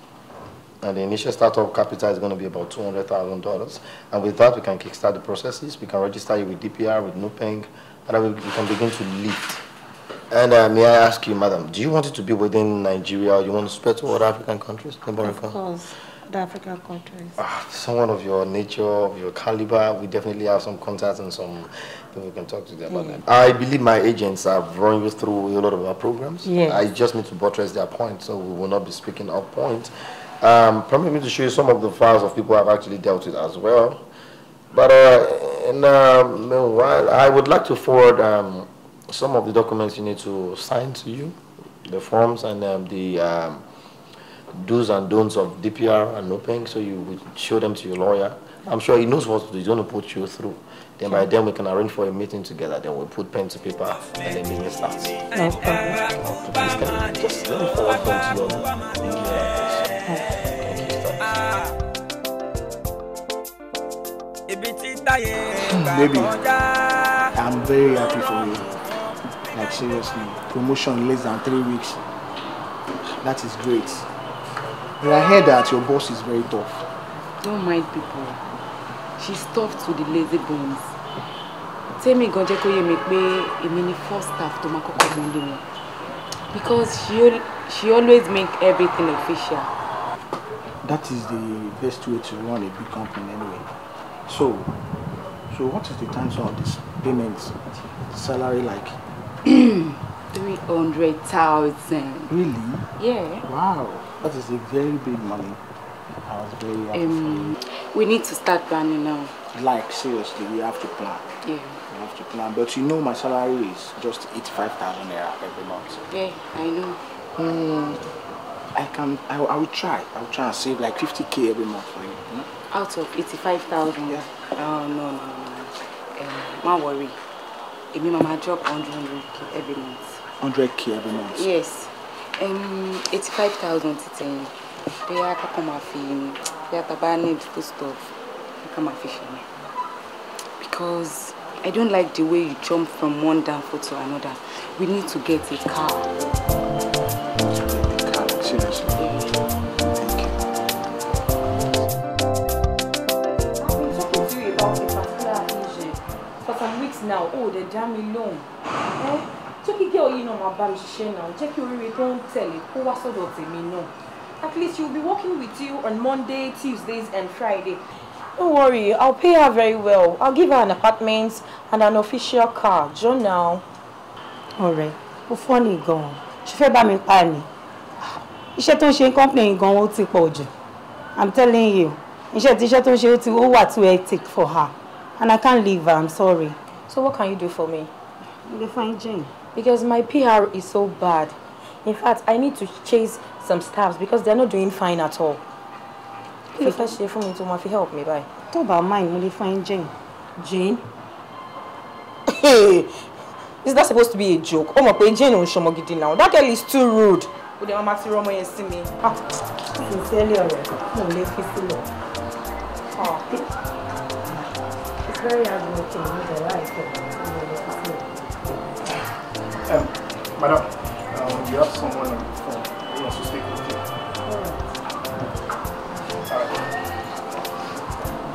and the initial startup capital is going to be about $200,000. And with that, we can kickstart the processes. We can register you with DPR, with NUPENG, and we, we can begin to lead. And uh, may I ask you, madam, do you want it to be within Nigeria or you want to spread to other African countries? Neighboring of course, African countries. Ah, someone of your nature, of your caliber, we definitely have some contacts and some we can talk to them about yeah. that. I believe my agents have run you through a lot of our programs. Yes. I just need to buttress their point, so we will not be speaking our point. Um, permit me to show you some of the files of people I've actually dealt with as well. But uh, in, um, meanwhile, I would like to forward um, some of the documents you need to sign to you, the forms and um, the um, do's and don'ts of DPR and OPENG, so you would show them to your lawyer. I'm sure he knows what he's going to put you through. Then by then we can arrange for a meeting together. Then we'll put pen to paper and then meeting starts. No problem. Just let me forward to your Ah. Hmm, baby, I'm very happy for you. Like seriously, promotion in less than three weeks. That is great. But I heard that your boss is very tough. Don't mind people. She's tough to the lazy bones. Tell me, jẹ́ you make me a mini ni first staff tó máa kọ́kọ́ mú lé Because she, she always make everything official. that is the best way to run a big company anyway. So, so what is the terms of this payment? Salary like? (clears throat) 300,000. Really? Yeah. Wow, that is a very big money. I was very happy um, We need to start planning now. Like, seriously, we have to plan. Yeah. We have to plan. But you know my salary is just 85,000 naira every month. Yeah, I know. Mm. I can, I, I will try. I will try and save like 50k every month for you. you know? Out of 85,000? Yeah. Oh, no, no, no. Um, eh, don't worry. Èmi mama drop 100k every month. 100k every month? Yes. Um, 85,000 ti tẹ̀yìn. Bóyá ká kàn máa fi bóyá tá a bá need foodstuff ká kàn máa fi ṣe Because I don't like the way you jump from one downfall to another. We need to get a car ṣe lè ṣe. For some weeks now, oh, they dá mi lóhùn. Eh? jẹ́ kí gẹ́ òyìn náà máa bá mi ṣiṣẹ́ náà jẹ́ kí oríire tó ń tẹ̀lé kó wá sọ́dọ̀ tèmi náà at least she be working with you on Monday, Tuesdays and Friday. Don't worry, I'll pay her very well. I'll give her an apartment and an official car. Joe now. Ọ̀rẹ́, ó fọ́ ní gan-an. Ṣé fẹ́ bá mi pa iṣẹ́ tó ń ṣe company gan ó ti pọ̀ jù i'm telling you iṣẹ́ tí iṣẹ́ tó ń ṣe ó ti ó wà too hectic for her and i can't leave her i'm sorry. so what can you do for me. you dey find Jane. because my PR is so bad in fact i need to chase some staffs because they are not doing fine at all. If ló fẹ́ ṣe fún mi tó máa fi help me báyìí. tó bá mind mo lè find Jane. Jane. Hey, is that supposed to be a joke? Oh my, God, Jane, on Shomogidi now. That girl is too rude kò dé wọn máa ti rọmọ yẹn sí mi. Ah, sincerely ọ̀rẹ́ mo lè fi sílẹ̀. Ah. lè fi sílẹ̀. Um, madam um, you have someone on the phone who wants to speak with you.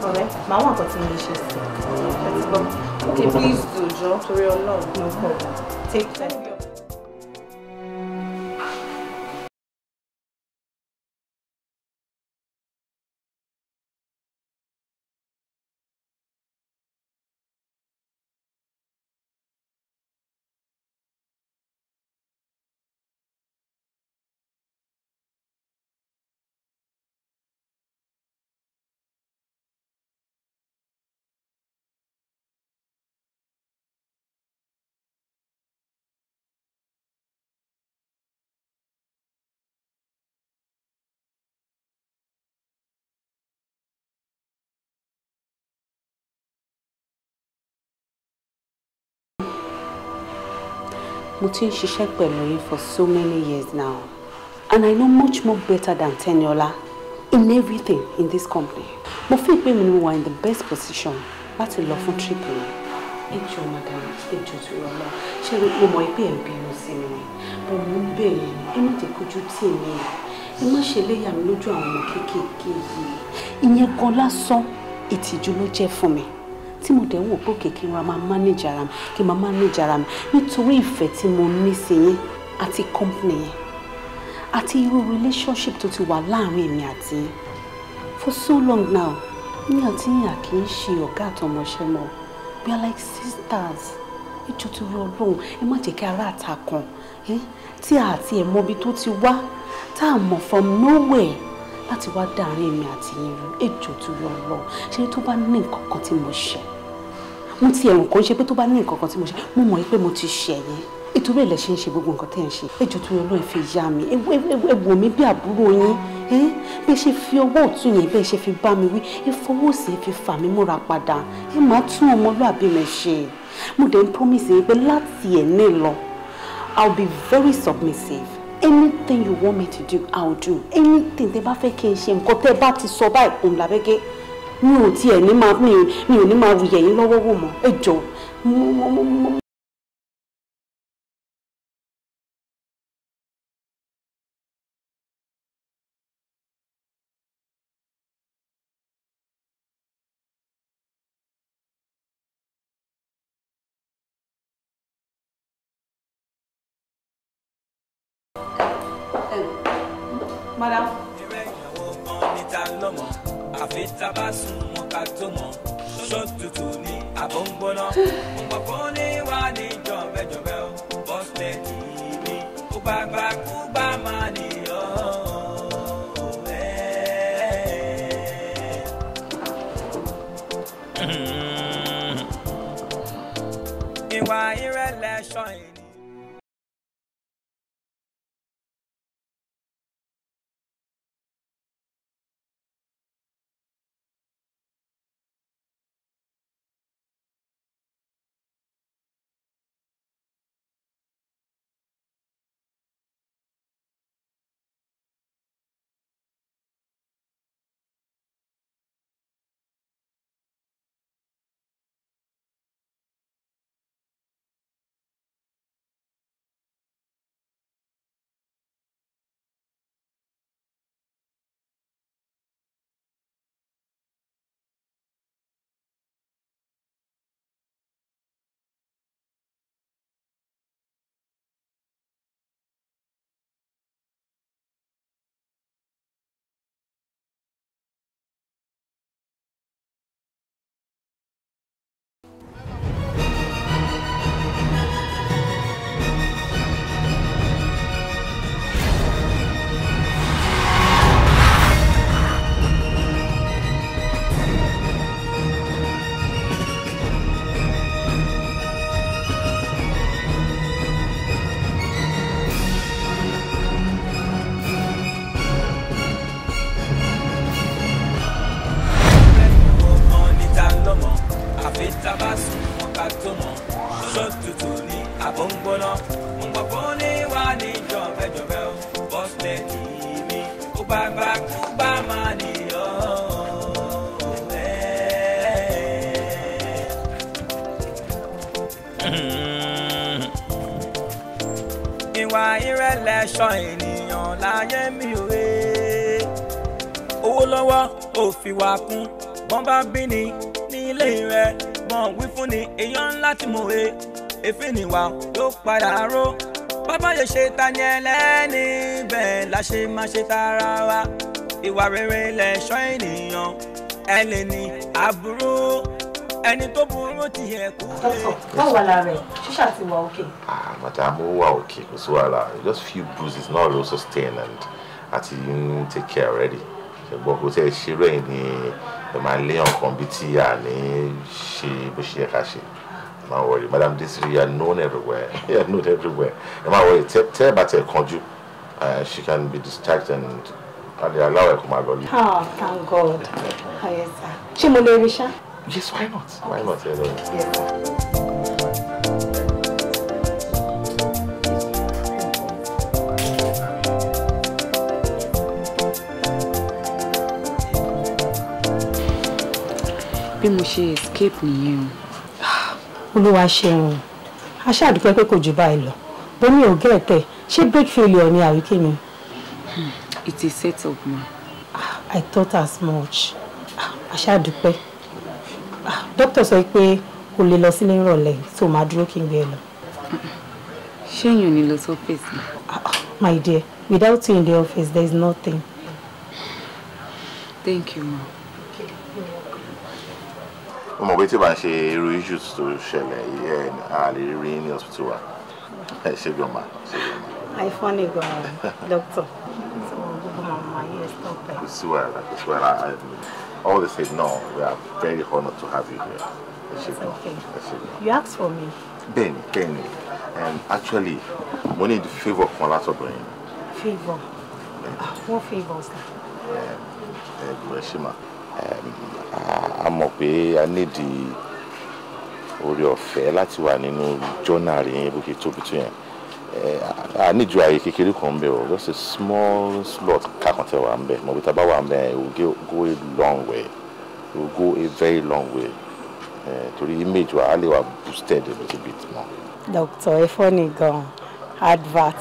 ọ̀rẹ́ màá wà nǹkan tí mo lè ṣe sí i. ok please do jọ torí Ọlọ́run no problem take time. mo ti ń ṣiṣẹ́ pẹ̀lú yín for so many years now and I know much more better than Teniola in everything in this company. Mo fi pé mi ni in the best position láti lọ fún trip mi. Ẹ jọ̀ọ́ madam, ẹ jọ̀ọ́ tó yọ lọ. Ṣé mo mọ ẹgbẹ́ ẹ̀ ń bínú sí mi ni? Mo mú bẹ́ẹ̀ ni, ẹ má jẹ́ kójú tì mí. Ẹ má ṣe léyà mi lójú àwọn ọmọ kéékèèké yìí. Ìyẹn gan lásán ìtìjú ló jẹ́ fún mi tí mo dẹ̀ wò pé òkè kí n ra máa manage ara mi kí n máa manage ara mi nítorí ìfẹ́ tí mo ní sí yín àti company yẹn àti irú relationship tó ti wà láàrin èmi àti yín for so long now ní àti yín à kì ṣe ọ̀gá àtọmọṣẹ́ mọ́ we are like sisters ìjọ tó rọ ọlọ́run ẹ má jẹ́ kí ara àtàkùn eh? tí àti ẹ̀mọ́bi tó ti wá tá a mọ̀ from nowhere láti wá dàárín èmi àti yín rú èjò tó yọ lọ ṣé tó bá ní nǹkan kan tí mo ṣe mo ti ẹ̀rù kan ṣe pé tó bá ní nǹkan kan tí mo ṣe mo mọ̀ pé mo ti ṣe yẹn ìtúrò ilẹ̀ ṣe ń ṣe gbogbo nǹkan tẹ́ ń ṣe èjò tó yọ lọ́ọ́ fi yá mi ẹ̀wò mi bí àbúrò yín bẹ́ẹ̀ ṣe fi ọwọ́ ọ̀tún yẹn bẹ́ẹ̀ ṣe fi bá mi wí ẹ fọwọ́ sí ẹ fi fà mí múra padà ẹ máa tún ọmọlúàbí mi ṣe mo dẹ̀ ń promise yín pé láti ẹ̀ ní lọ I'll be very submissive anything you want me to do i will do anything tẹ bá fẹ́ kí n ṣe nǹkan tẹ bá ti sọ báyìí òun làbẹ́gẹ́ mi ò tiẹ̀ ní máa mi ò ní máa wuyẹ̀ yín lọ́wọ́ wò mọ́ ẹ jọ̀ọ́ fi wá kún wọ́n bá bí ni ní ilé rẹ̀ wọ́n wí fún ni èèyàn ńlá tí mo he èéfì nìwà ló padà ró bàbá yóò ṣe ta ni ẹlẹ́ni bẹ́ẹ̀ la ṣe máa ṣe tara wa ìwà rere lẹ̀ṣọ́ ènìyàn ẹ lè ní aburú ẹni tó burú tiẹ̀ kú. dókítà báwo la rẹ̀ ṣíṣà ti wà òkè. ah madam ó wà òkè kò sí wàhálà just few bruises náà ló sustain and àti take care already ṣùgbọ́n kò tẹ́ ṣírò ẹ̀ ní ẹ máa ń léyàn kan bí tí a ní ṣe bó ṣe yẹ ká ṣe ẹ máa wọrí madam Desiri you known everywhere (laughs) you are known everywhere ẹ máa wọrí tẹ́ ẹ bá tẹ̀ kanjú uh, she can be distracted and allow aláwọ̀ ẹ̀kọ́ máa lọ lé. ah thank God ṣé mo lè rí ṣá. yes why not why not. Yes, sir. bí mo ṣe escape nìyẹn o. olúwa ṣeun a ṣáà dúpẹ́ pé kò jù báyìí lọ bómi ò gẹ̀ẹ́tẹ̀ ṣé break failure ni àríkè mi. it is settled ma. Ah, i thought as much ah, a ah, doctor dúpẹ́ dókítà sọ pé kò lè lọ sílé ìrọ̀lẹ́ tó máa dúró kí n gbé e lọ. ṣé èèyàn ni lọ sọ́fẹ̀sì. my dear without you in the office there is nothing. thank you ma ó mọ̀ pé tí ó bá ń ṣe irú issues tó ṣẹlẹ̀ ẹ a lè rí ní hospital wa ẹ ṣe bí ọmọ. àìfọ́n ni gan-an dókítà (laughs) kò sí wàhálà kò sí wàhálà all they said no we are very honoured to have you here ẹ ṣe gan ẹ ṣe gan. you ask for me. bẹ́ẹ̀ni bẹ́ẹ̀ni um, actually mo need favour kan látọ̀dọ̀ yín. favour ah, what favour sir. ẹ ẹ ẹ ṣe máa a mọ̀ pé a nídìí orí ọ̀fẹ́ láti wà nínú jọ́nà rẹ̀ yẹn bó ṣe tóbi tó yẹn eh, a níjú ààyè kékeré kan bẹ̀ ọ́ just a small slot kakọ̀tẹ̀ wà ń bẹ̀ mọ̀ bí tá a bá wà ń bẹ̀ it will go a long way it will go a very long way eh, torí image wa a lè wà boosted a little bit mọ́. doctor ẹ fọ́ni gan-an advert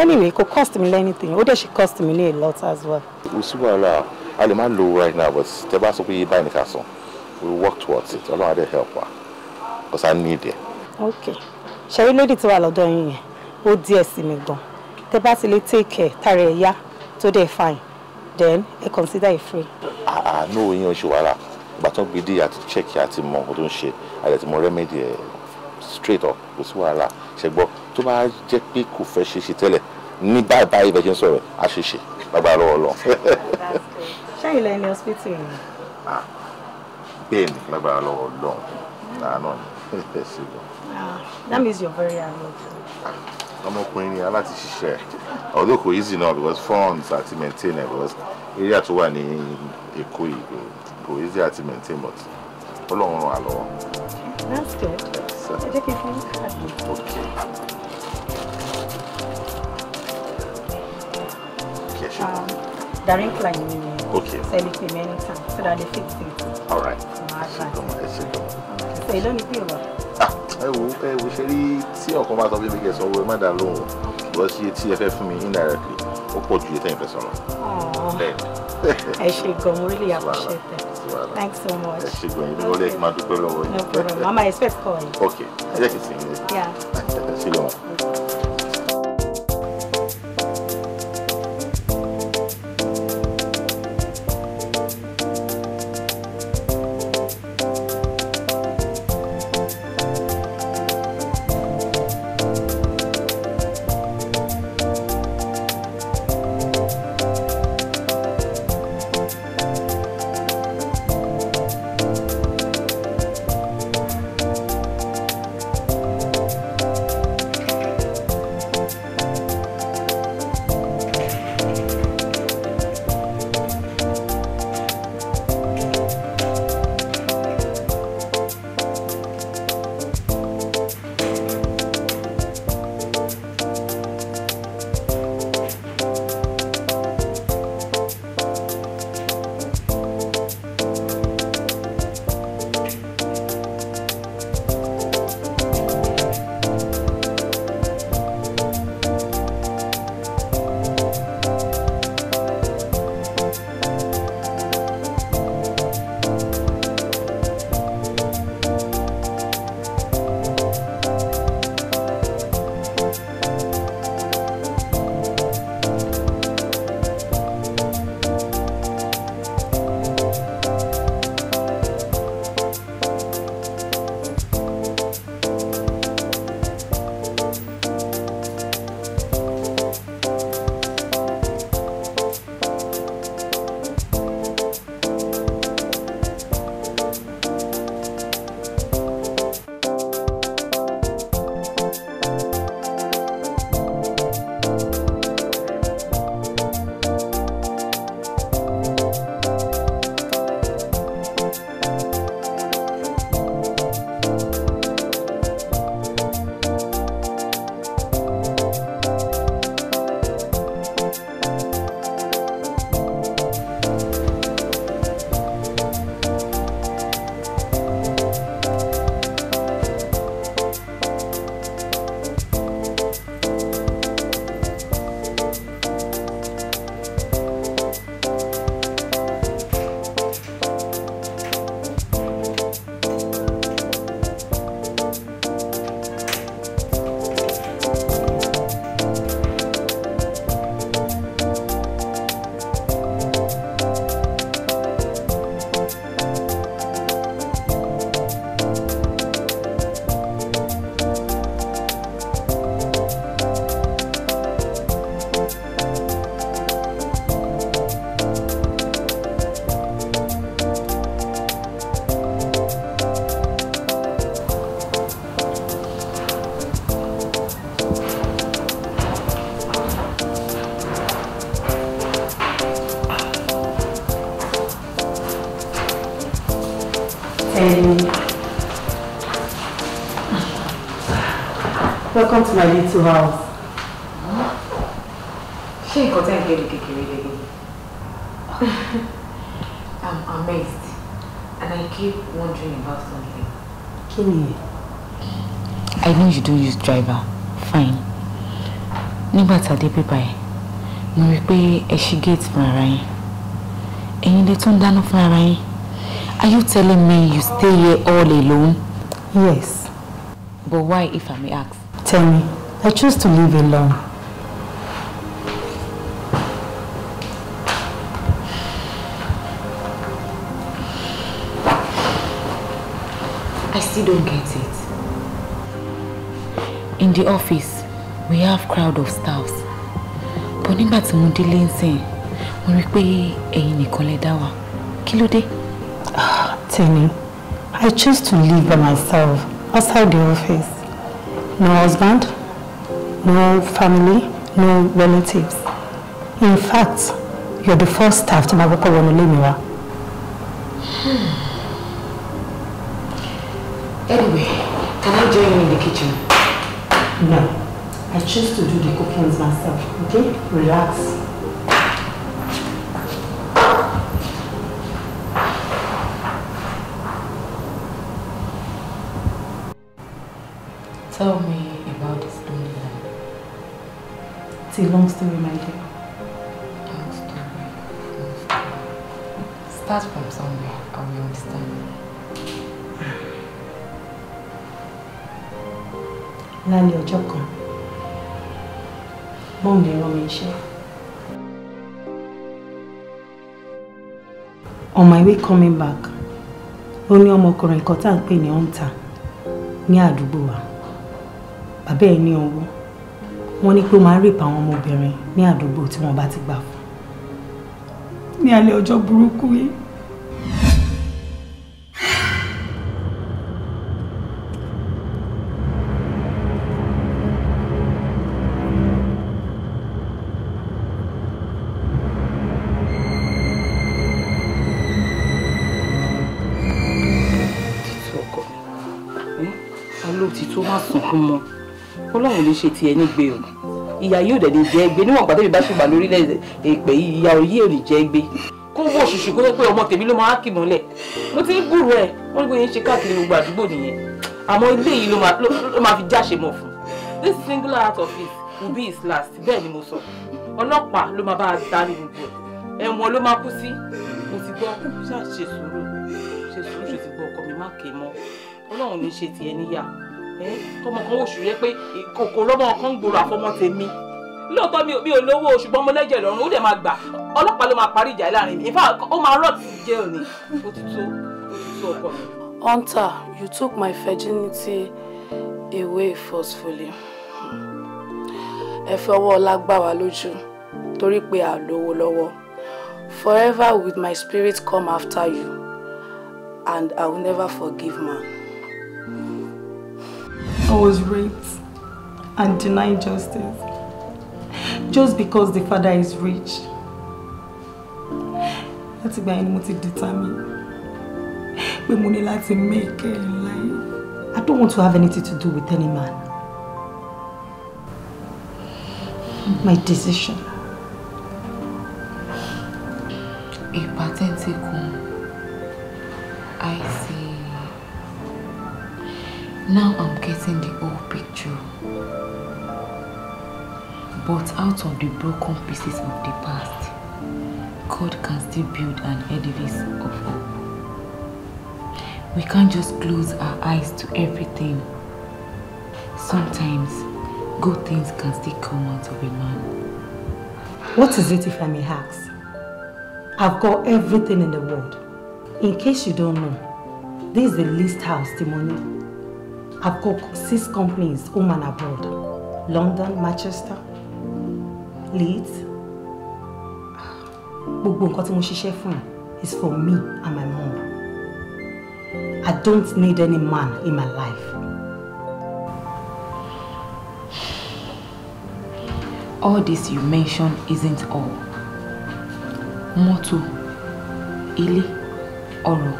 anyway kò cost me anything ó dẹ̀ ṣe cost me ní a lot as well. kò sí wàhálà a low right now but tẹ bá we buy in the castle. we work towards it ọlọ́run adé help wa because i need it. ok ṣẹ́rí lady tí wà lọ́dọ̀ yín yẹn ó díẹ̀ sí mi gan tẹ bá take care tara ẹ̀ yá tó fine then I consider it free. àánú oyin oṣù wàrà ìgbà But don't be there to check àti mọ nǹkan tó ń ṣe àti mọ remedy straight up kò sí wàhálà ṣẹgbọ́ tó bá pick. pé kò fẹ́ ṣe ṣe tẹ́lẹ̀ ní báyìí báyìí bẹ́ẹ̀ ṣe bye, sọ̀rọ̀ àṣeṣe bàbá lọ́wọ́ lọ. (laughs) ṣẹ́yìn lẹ́yìn ní yìí. Ah, bẹ́ẹ̀ ni lágbára lọ́wọ́ ọlọ́run àánú ni ṣe lọ. Ah, ah, that means you're very alert. ọmọkùnrin ni aláti ṣiṣẹ́ although kò easy náà because funds àti maintain ẹ̀ because area tó wà ní Èkó yìí kò easy àti maintain but ọlọ́run ràn án lọ́wọ́. that's good. ẹ jẹ́ Okay. Send it to me anytime so that they fix it. All right. Ṣé ló ní pé wà? Ẹ wo ẹ wo ṣe rí tí ọ̀kan bá sọ pé mi kẹ̀ sọ owó ẹ má dà lóhùn lọ sí etí ẹ fẹ́ fún mi indirectly ó pọ̀ ju ètò ìfẹsọ̀ Oh. Ẹ (laughs) ṣe gan, mo really appreciate that. Thanks so much. Ẹ ṣe gan, ìlú ọlẹ́ ẹ̀ máa dúpẹ́ No problem, mama expect call. Okay, Yeah. jẹ́ kí (laughs) welcome to my little house. She got tẹ́ ń gbé kékeré (laughs) I'm amazed and I keep wondering about something. kí I know you don't use driver fine nígbà tá a dé bíbá ẹ a rí i pé ẹ ṣí gate fún ara yín ẹ̀yin lè tún dáná fún are you telling me you stay here all alone? yes. But why if I may ask? Tell me, I choose to live alone. I still don't get it. In the office, we have crowd of staffs. But nígbà tí mo délé ń sìn, mo rí pé ẹ̀yin nìkan lẹ dá wà. Tell me, I choose to live by myself outside the office no husband, no family, no relatives. In fact, you're the first staff to máa kọ́kọ́ wọnú ilé Hmm. Anyway, can I join you in the kitchen? No, I choose to do the cooking myself, okay? Relax. It's a long story, my dear. Long story. Long story. Start from somewhere. and we understand. Lálẹ́ ọjọ́ kan, mọ́mù lè rán mi iṣẹ́. On my way coming back, ó ní ọmọkùnrin kan tá à ń pè ní ọ̀ǹtà ní àdúgbò wa. Bàbá ẹ̀ ní owó wọ́n ní pé ó máa ń rèpa àwọn ọmọbìnrin ní àdúgbò tí wọ́n bá ti gbà fún ní alẹ́ ọjọ́ burúkú yìí. òtítọ́ má ọlọ́run lè ṣe tiẹ̀ nígbè o ìyá yóò dẹ̀ lè jẹ́ ẹgbẹ́ níwọ̀n ìgbà tẹ́mi bá ṣùgbà lórílẹ̀ èpè yìí ìyá òye ò lè jẹ́ ẹgbẹ́ kó wọ ṣùṣù kó yẹ pé ọmọ tèmi ló máa kì mọ́lẹ̀ mo ti ń gbúrò ẹ̀ wọ́n ní bóyá ń ṣe káàkiri gbogbo àdúgbò nìyẹn àmọ́ ilé yìí ló máa fi jáṣe mọ̀ fún this singular act of it will be his last bẹ́ẹ̀ ni mo sọ ọlọ́pàá ló máa bá a darí gbogbo ẹ̀ ẹ̀wọ̀n ló máa kú sí mo ti gbọ́ ṣáà ṣe sùúrù ṣe sùúrù ṣe ti gbọ́ ọkọ mi má kéé mọ́ ọlọ́run ní ṣe tiẹ̀ níyà tọmọ kan oṣù yẹ pé kòkó lọ́mọ kan ń gbòòrò àfọmọ tèmi lóòótọ́ mi ò lówó ṣùgbọ́n mo lẹ́jẹ̀ lọ́rùn ó dẹ̀ máa gbà ọlọ́pàá ló máa parí ìjà láàrin mi in ó máa rọ̀ tí jẹ́ òní òtútù òtútù ọkọ mi. Hunter, you took my virginity away forcefully. ẹ fọwọ́ ọlá gbà wá lójú torí pé a lówó lọ́wọ́. Forever will my spirit come after you, and I will never forgive man. I was raped and denied justice just because the father is rich. That's why I'm ni mo ti determine pé mo ní make a life. I don't want to have anything to do with any man. My decision. Ìpàtẹ́ntì kan, I see. Now I'm getting the whole picture. But out of the broken pieces of the past, God can still build an edifice of hope. We can't just close our eyes to everything. Sometimes, good things can still come out of a man. What is it if I may ask? I've got everything in the world. In case you don't know, this is the least house, Timoni, I've cooked six companies home and abroad. London, Manchester, Leeds. Gbogbo nǹkan tí mo ṣiṣẹ́ fún is for me and my mom. I don't need any man in my life. All this you mention isn't all. Mọ́tò, ilé, ọ̀rọ̀,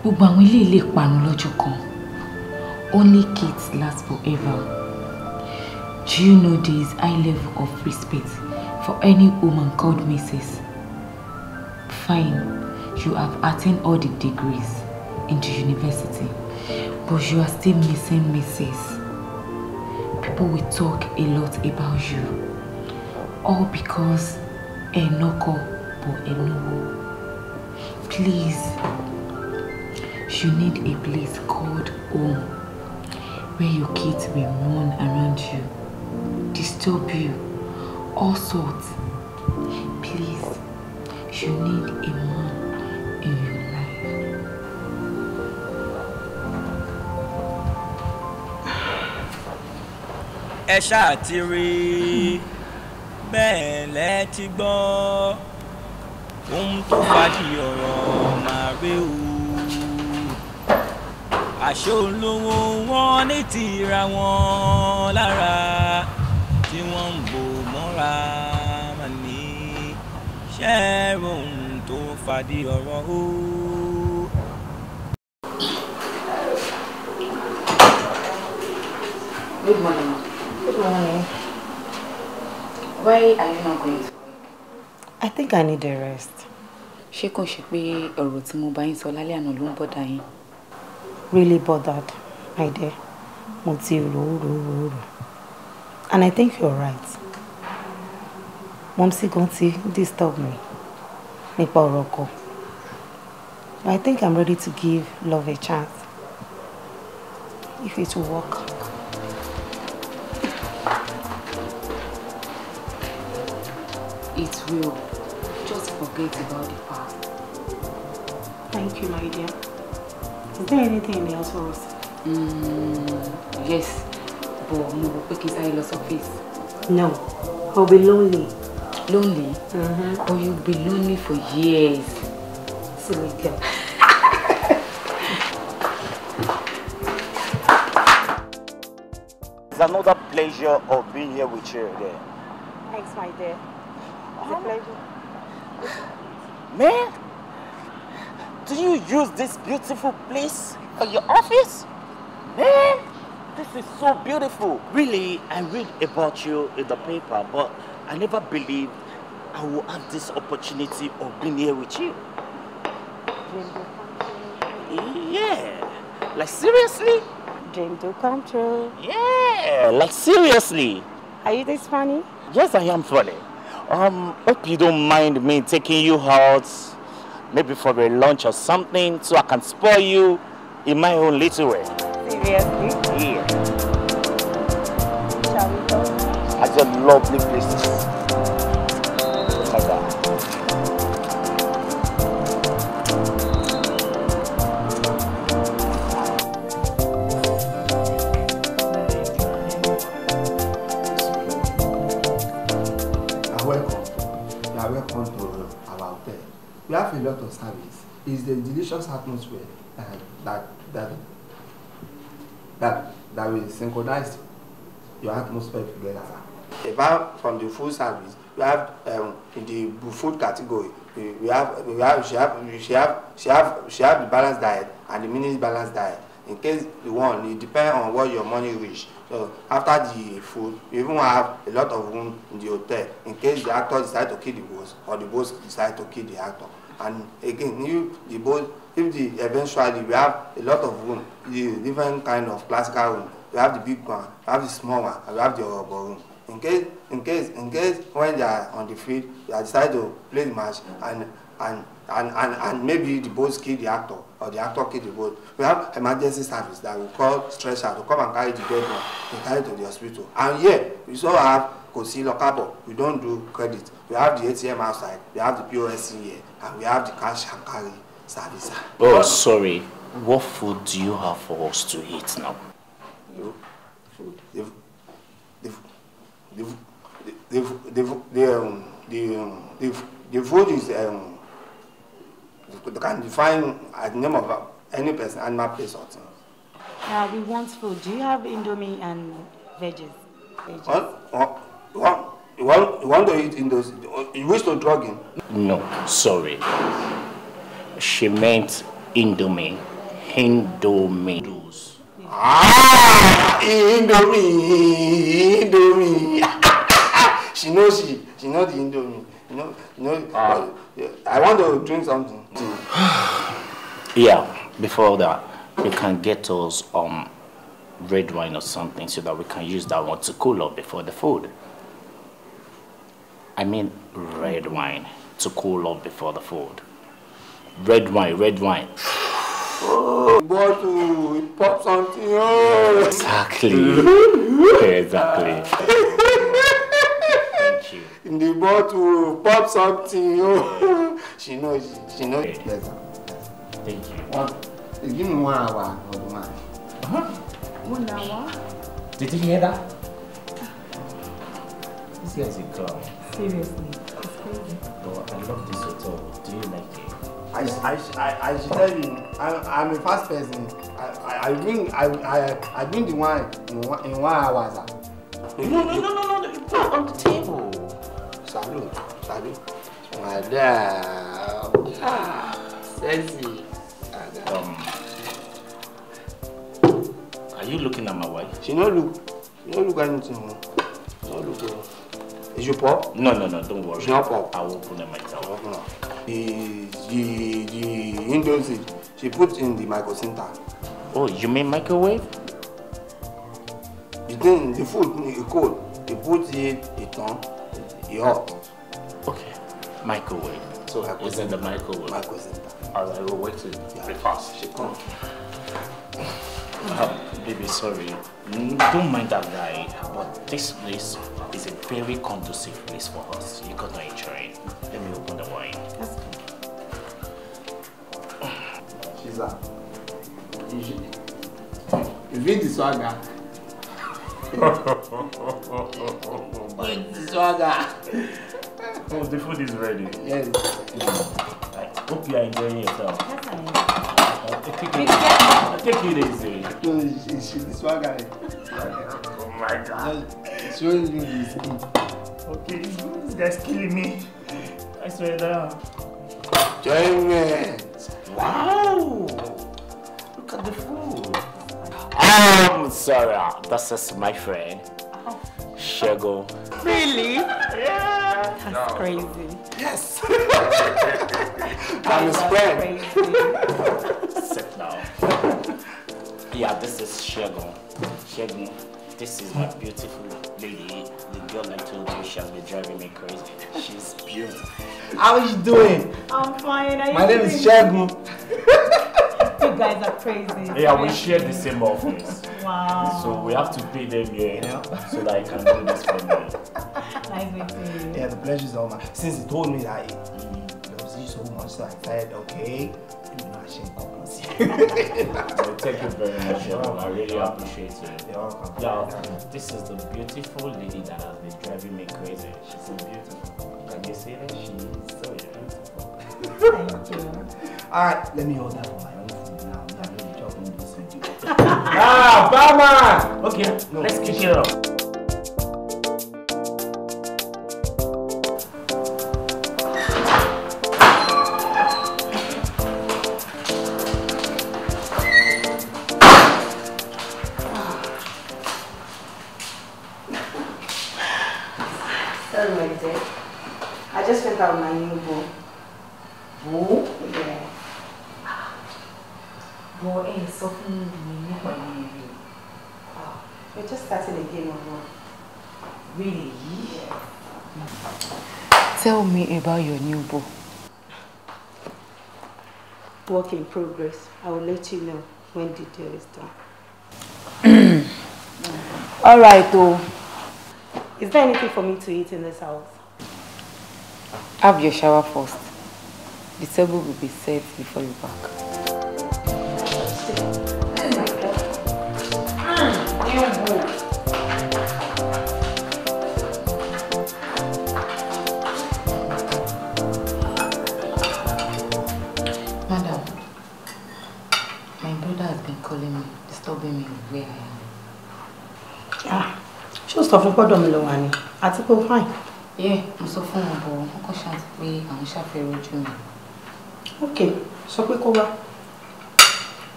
gbogbo àwọn ilé ilé ìparun lọ́jọ́ kan. Only kids last forever. Do you know there is high level of respect for any woman called Mrs. Fine, you have attained all the degrees into university, but you are still missing Mrs. People will talk a lot about you, all because a knocker but a Please, you need a place called home. where your kids will mourn around you, disturb you, all sorts. Please, you need a man in your life. Ẹ ṣáà ti rí bẹ́ẹ̀ lẹ́ẹ̀ ti gbọ́ ohun tó àṣọ olówó wọn ní tìra wọn lára tí wọ́n ń bò mọ́ra mà ní ṣẹ́ẹ̀rùn tó fàdí ọ̀rọ̀ o. Good morning. Good morning. Why are you not going I think I need a rest. Ṣé kò ṣe pé ọ̀rọ̀ tí mo bá yín sọ lálẹ́ àná ló ń bọ̀dà yín? really bothered, my dear. Mo ti rò rò rò rò. And I think you're right. Mọ̀mísí gan ti disturb me nípa ọ̀rọ̀ ọkọ. I think I'm ready to give love a chance. If it will work. It will. Just forget about the past. Thank you, my dear. Is there anything else for us? Mm, yes, but we will pick his n office. No, I'll be lonely. Lonely? Mm-hmm. you'll be lonely for years. Silly girl. It's another pleasure of being here with you there. Thanks, my dear. It's oh. a pleasure. Man, do you use this beautiful place for your office? Man, this is so beautiful. Really, I read about you in the paper, but I never believed I would have this opportunity of being here with you. Yeah, like seriously? Dream do come true. Yeah, like seriously. Are you this funny? Yes, I am funny. Um, hope you don't mind me taking you out maybe for a lunch or something, so I can spoil you in my own little way. Seriously? Yeah. Shall we go? That's a lovely place a lot of service. It's the delicious atmosphere that, that, that, that will synchronize your atmosphere together. Apart from the food service, we have um, in the food category, we, have, we have, she have, she have, she have, she have the balanced diet and the mini balanced diet. In case you want, it depends on what your money reach. So after the food, you even have a lot of room in the hotel in case the actor decide to kill the boss or the boss decide to kill the actor. and again you the both if the eventually we have a lot of room the different kind of classical room we have the big one we have the small one and we have the orubo room in case in case in case when they are on the field they decide to play the match and and and and and maybe the boat kill the actor or the actor kill the boat we have emergency service that we call stretcher to come and carry the dead one to carry to the hospital and here we also have kò sí lọ we don't do credit we have the ATM outside we have the POS in here and we have the cash and carry service. oh sorry what food do you have for us to eat now. no food the the the the food is um, you can define at the name of any person animal place or thing. Uh, we want food. Do you have indomie and veggies? veggies? What? What? You want, you want, you want to eat in those, you wish to drug him? No, sorry. She meant Indomie. Indomie. Indomie. Ah, Indomie, Indomie. (laughs) she knows she, she knows the Indomie. You know, you know, ah. I want to drink something. (sighs) yeah, before that, you can get us um red wine or something so that we can use that one to cool up before the food. I mean red wine to cool off before the food. Red wine, red wine. Oh, (sighs) but to import something. Oh. Exactly. (laughs) exactly. Thank you. In the bottle, pop something. Oh. she knows. She knows okay. better. Thank you. Uh, give me one hour for the match. Huh? One hour? Did you hear that? This guy's a clown. Seriously, it's crazy. But I love this hotel. Do you like it? I, I, I, should tell you, I, I'm a fast person. I, I, I drink I, I, I drink the wine in one, in one hour. Sir. No, no, no, no, no, you put it on the table. Salut, salut. Madame. Ah, sexy. Um, are you looking at my wife? She no look. She no look at anything. you pop? non, Non, non, don't worry. It's not pop. I will open the myself. No. The, the, the Indomie she put in the microcenter. Oh, you mean microwave? You thing, the food, is cold, you put it, it on, it hot. Okay, microwave. So microwave. It's in the microwave. Microwave. All right, we'll wait till yeah. She comes. Uh, baby, sorry. Mm, don't mind that guy, but this place is a very conducive place for us. You got enjoy it. Let me open the wine. That's good. Shiza, you Read the swagger. (laughs) swagger. Oh, the food is ready. Yes. Mm. I hope you are enjoying yourself. Yes, I am. I'll take it easy. No, it's, Oh my God. Just Okay, guy's killing me. I swear down. Enjoyment. Wow. Look at the food. Um, sorry, this is my friend. Shago. Really? Yeah. That's no. crazy. Yes. I'm his friend. Sit down. Yeah, this is Shagun. Shagun, this is my beautiful lady. girl I told you she'll be driving me crazy. She's beautiful. How are you doing? I'm fine. Are My name is Shagun. you guys are crazy. Yeah, we share the same office. Wow. So we have to pay them here yeah. so that I can do this for me. Nice you. Yeah, the pleasure is all mine. Since he told me that he loves you so much, so I said, okay. Thank you very much, everyone. I really appreciate it. You're welcome. Yeah, this is the beautiful lady that has been driving me crazy. She's so beautiful. Can you see that? She is so beautiful. Thank you. All right, let me hold that for my own now. I'm not really ah, Bama! Okay, no, let's kick it off. That's my deck. I just went out my new boo. Boo? Yeah. Boo ain't softening me you. Ah, we're just starting a game of love. Really? Yeah. Tell me about your new boo. Work in progress. I will let you know when the deal is done. (clears throat) All right, though. Is there anything for me to eat in this house? Have your shower first. The table will be set before you back. sọ fún pọ́dọ̀ mi lọ wà ní àti pé ó fine. yẹ mo sọ fún wọn bọ wọn kàn ṣáà ti pé àwọn ṣàfihàn ojú mi. ok sọ pé kó wá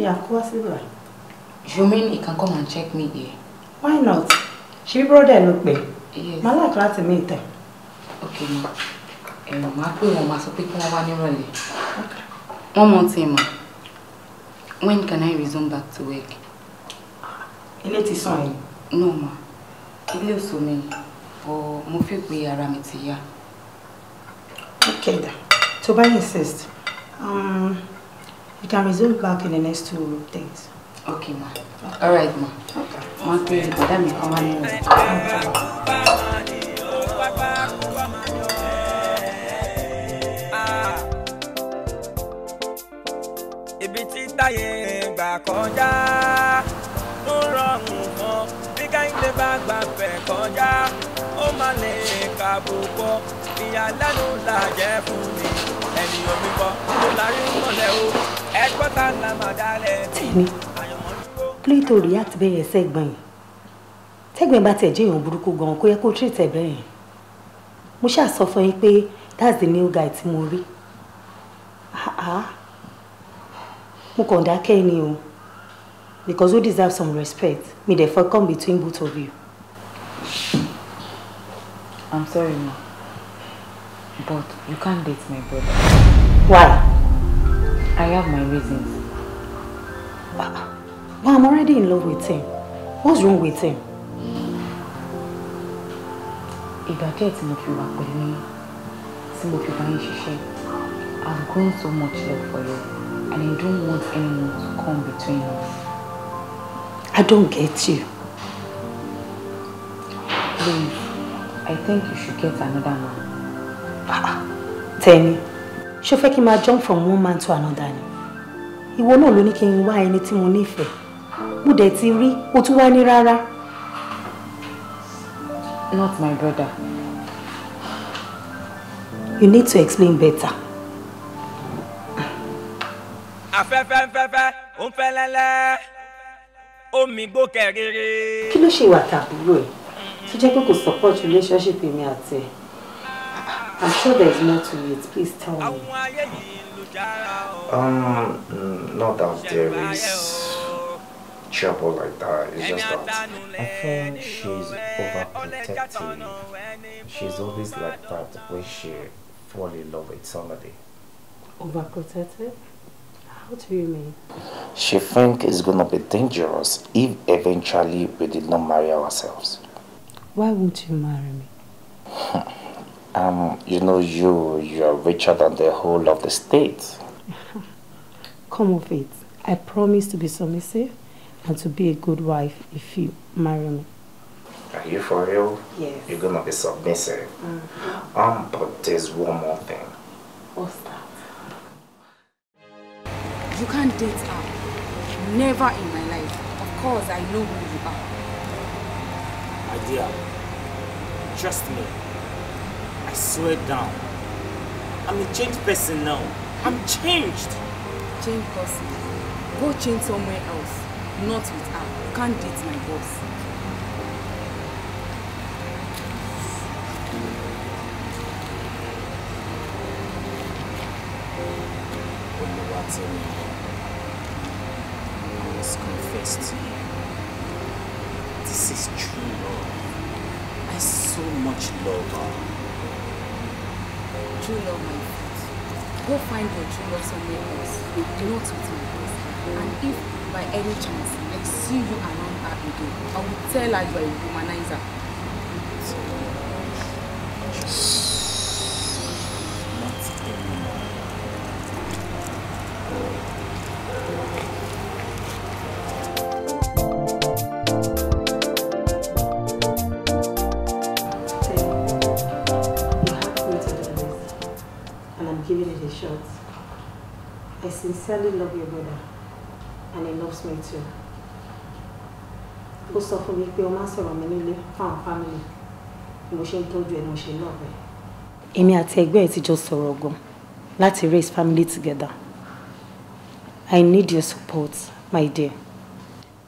ìyá kó wá síbẹ̀ you mean he can come and check me here. why not ṣe bí bọ́dà ló pè má láti láti mí ìtẹ̀. ok ma ẹ̀rọ máa pè wọ́n máa sọ pé kí wọ́n wá nírọ̀lẹ́. one more thing ma when can I resume back to work. Ah, ilé ti sàn yìí. no ma ilé òsò mi ọ mo fi pé ara mi ti yá. kẹ̀dà tó bá insist um, you can resume back in the next two days. okay ma all right ma wọn pe bàdá mi kan wá nínú ìlú. ibi tí táyé gbà kọjá ń rọrùn fún káyìndé bá gbàgbẹ́ kọjá ó má lè kàbò pọ̀ ìyàlẹ́nu là jẹ́ fún mi ènìyàn mi bọ̀ mo lárí mọ̀lẹ́ o ẹgbọ́n ta la mà dálẹ̀ bí. kílí tó rí àtibẹ̀yẹ sẹ́gbọ̀n yìí tẹ́gbọ̀n bá tiẹ̀ jẹ́ burúkú gan-an kó yẹ kó tírì tẹ̀gbẹ́ yẹn mo ṣáà sọ fún yín pé that's the new guy tí mo rí ah, ah. mo kàn dákẹ́ ni o because you deserve some respect. May the fuck come between both of you. I'm sorry, ma. But you can't date my brother. Why? I have my reasons. But, ah, I'm already in love with him. What's wrong with him? If I get fi wà pẹ̀lú yín, tí mo fi I've grown so much love for you and I don't want anyone to come between us. I don't get you. Please, I think you should get another man. Ah, Tell me. ṣé o fẹ́ kí jump from one man to another He won't náà ló ní kí n wá ẹni tí mo nífẹ̀ẹ́. Mo dẹ̀ ti rí, o tún Not my brother. You need to explain better. Afẹ́fẹ́fẹ́fẹ́, ó ń fẹ́ lẹ́lẹ́ omi gbókè rere. kí ló ṣe ìwà tàbúrò ẹ tó jẹ́ pé kò support relationship mi àti ẹ i'm sure there is more to it please tell me. Um, not that there is trouble like that. It's just that I think she's overprotective. She's always like that when she fall in love with somebody. Overprotective? What do you mean? She think it's gonna be dangerous if eventually we did not marry ourselves. Why won't you marry me? (laughs) um, you know you, you are richer than the whole of the state. (laughs) Come of it. I promise to be submissive and to be a good wife if you marry me. Are you for real? Yes. You're gonna be submissive. Mm -hmm. Um, but there's one more thing. What's that? You can't date her. Never in my life. Of course, I know who you are. My dear, trust me. I swear down. I'm a changed person now. I'm changed. Changed person? Go change somewhere else. Not with her. You can't date my boss. Thank you. is confessed. This is true love. I so much love her. True love, my friend. Go find your true love somewhere else, not with me. And if by any chance I see you around her again, I will tell her you are a womanizer. So, sincerely love your brother and he loves me too. Ó suffer fún mi pé o máa ń sọ̀rọ̀ family bí mo ṣe ń tọ́jú ẹ̀ ni mo ṣe Emi, bẹ́ẹ̀. Èmi àti ẹgbẹ́ ẹ̀ ti jọ sọ̀rọ̀ gan láti raise family together. I need your support, my dear.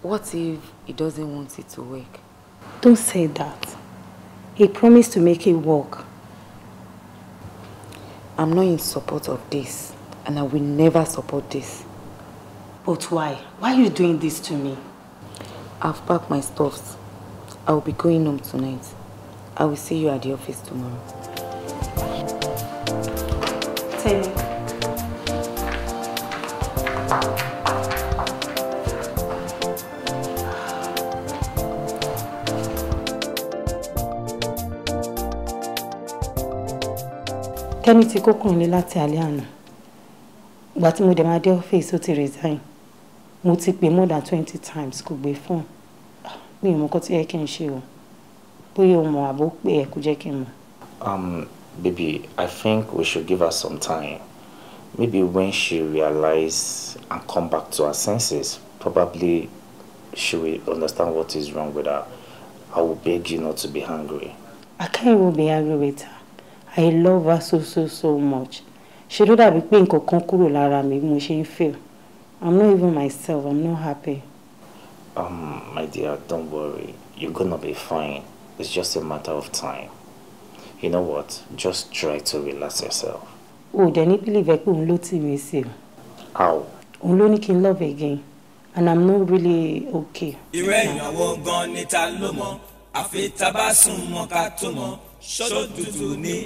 What if he doesn't want it to work? Don't say that. He promised to make it work. I'm not in support of this and I will never support this. But why? Why are you doing this to me? I've packed my stuffs. I'll be going home tonight. I will see you at the office tomorrow. Tell me. Tell Tẹ́ni ti kókùnrin lé láti alẹ́ Aliana ìgbà tí mo dẹ̀ máa dé ọ́fíìsì ó ti resign mo ti pè more than twenty times kò gbé fóònù ah, mi ò mọ nǹkan tí yẹ kí n ṣe o bóyá o mọ àbó pé ẹ kò jẹ́ kí n mọ. Um, baby, I think we should give her some time. Maybe when she realizes and come back to her senses, probably she will understand what is wrong with her. I will beg you not to be angry. I can't even be angry with her. I love her so, so, so much ṣe ló dàbí pé nǹkan kan kúrò mo ṣe feel i'm not even myself i'm not happy. Um, my dear don't worry you're gonna be fine it's just a matter of time you know what just try to relax yourself. Oh, then ní bílíìfẹ́ pé òun ló tì mí sí how. òun ló ní love again and i'm not really okay. ìwé ìyàwó gan níta ló mọ àfi tá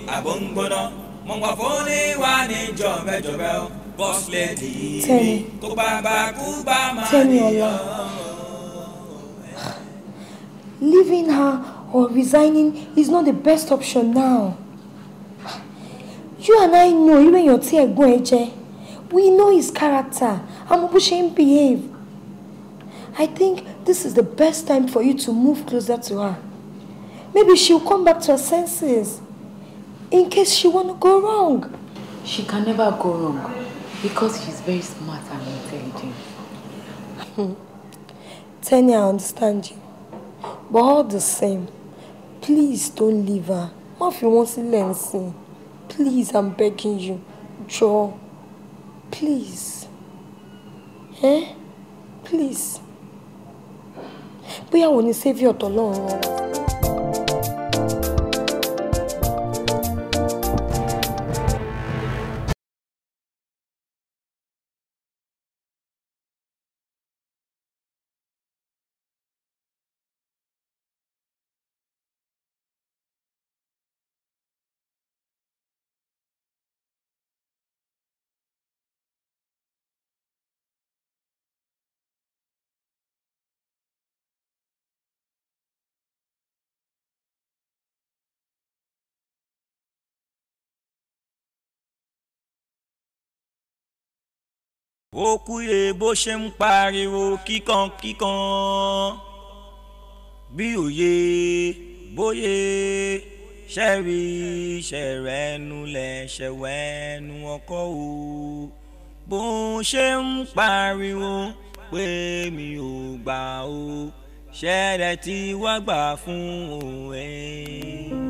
a mo ń gbọ́ fúnni wá ní jọ̀bẹ́jọ̀bẹ́ o boss lady tó bá bá kú bá máa níyọ. leaving her or resigning is not the best option now. you and I know irú èèyàn tí ẹ̀gbọ́n ẹ jẹ́ we know his character and bó ṣe ń behave. I think this is the best time for you to move closer to her. Maybe she'll come back to her senses in case she wanna go wrong. She can never go wrong because she's very smart and intelligent. (laughs) Tanya, I understand you. But all the same, please don't leave her. Má fi wọ́n sílẹ̀ ń sìn. Please, I'm begging you. Jọ̀ọ́. Please. Eh? Please. We are only Saviour your ọ̀rọ̀. ó kúrè bó ṣe ń pariwo kíkan kíkan bí òye bóyè ṣẹ́rí ṣẹ̀rẹ́nu lẹ̀ ṣẹ̀wẹ́nu ọkọ o bó ṣe ń pariwo pé mi ò gbà o ṣẹ̀rẹ̀ tí wàá gbà fún òun ẹ̀.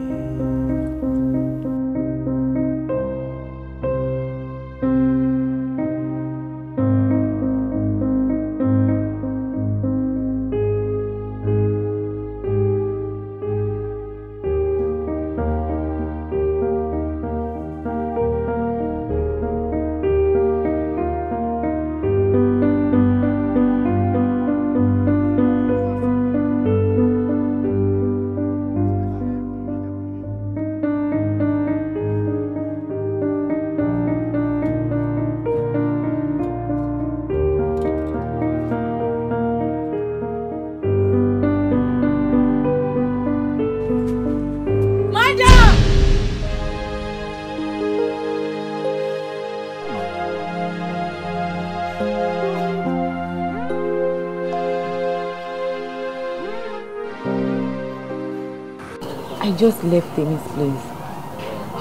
just left Amy's place.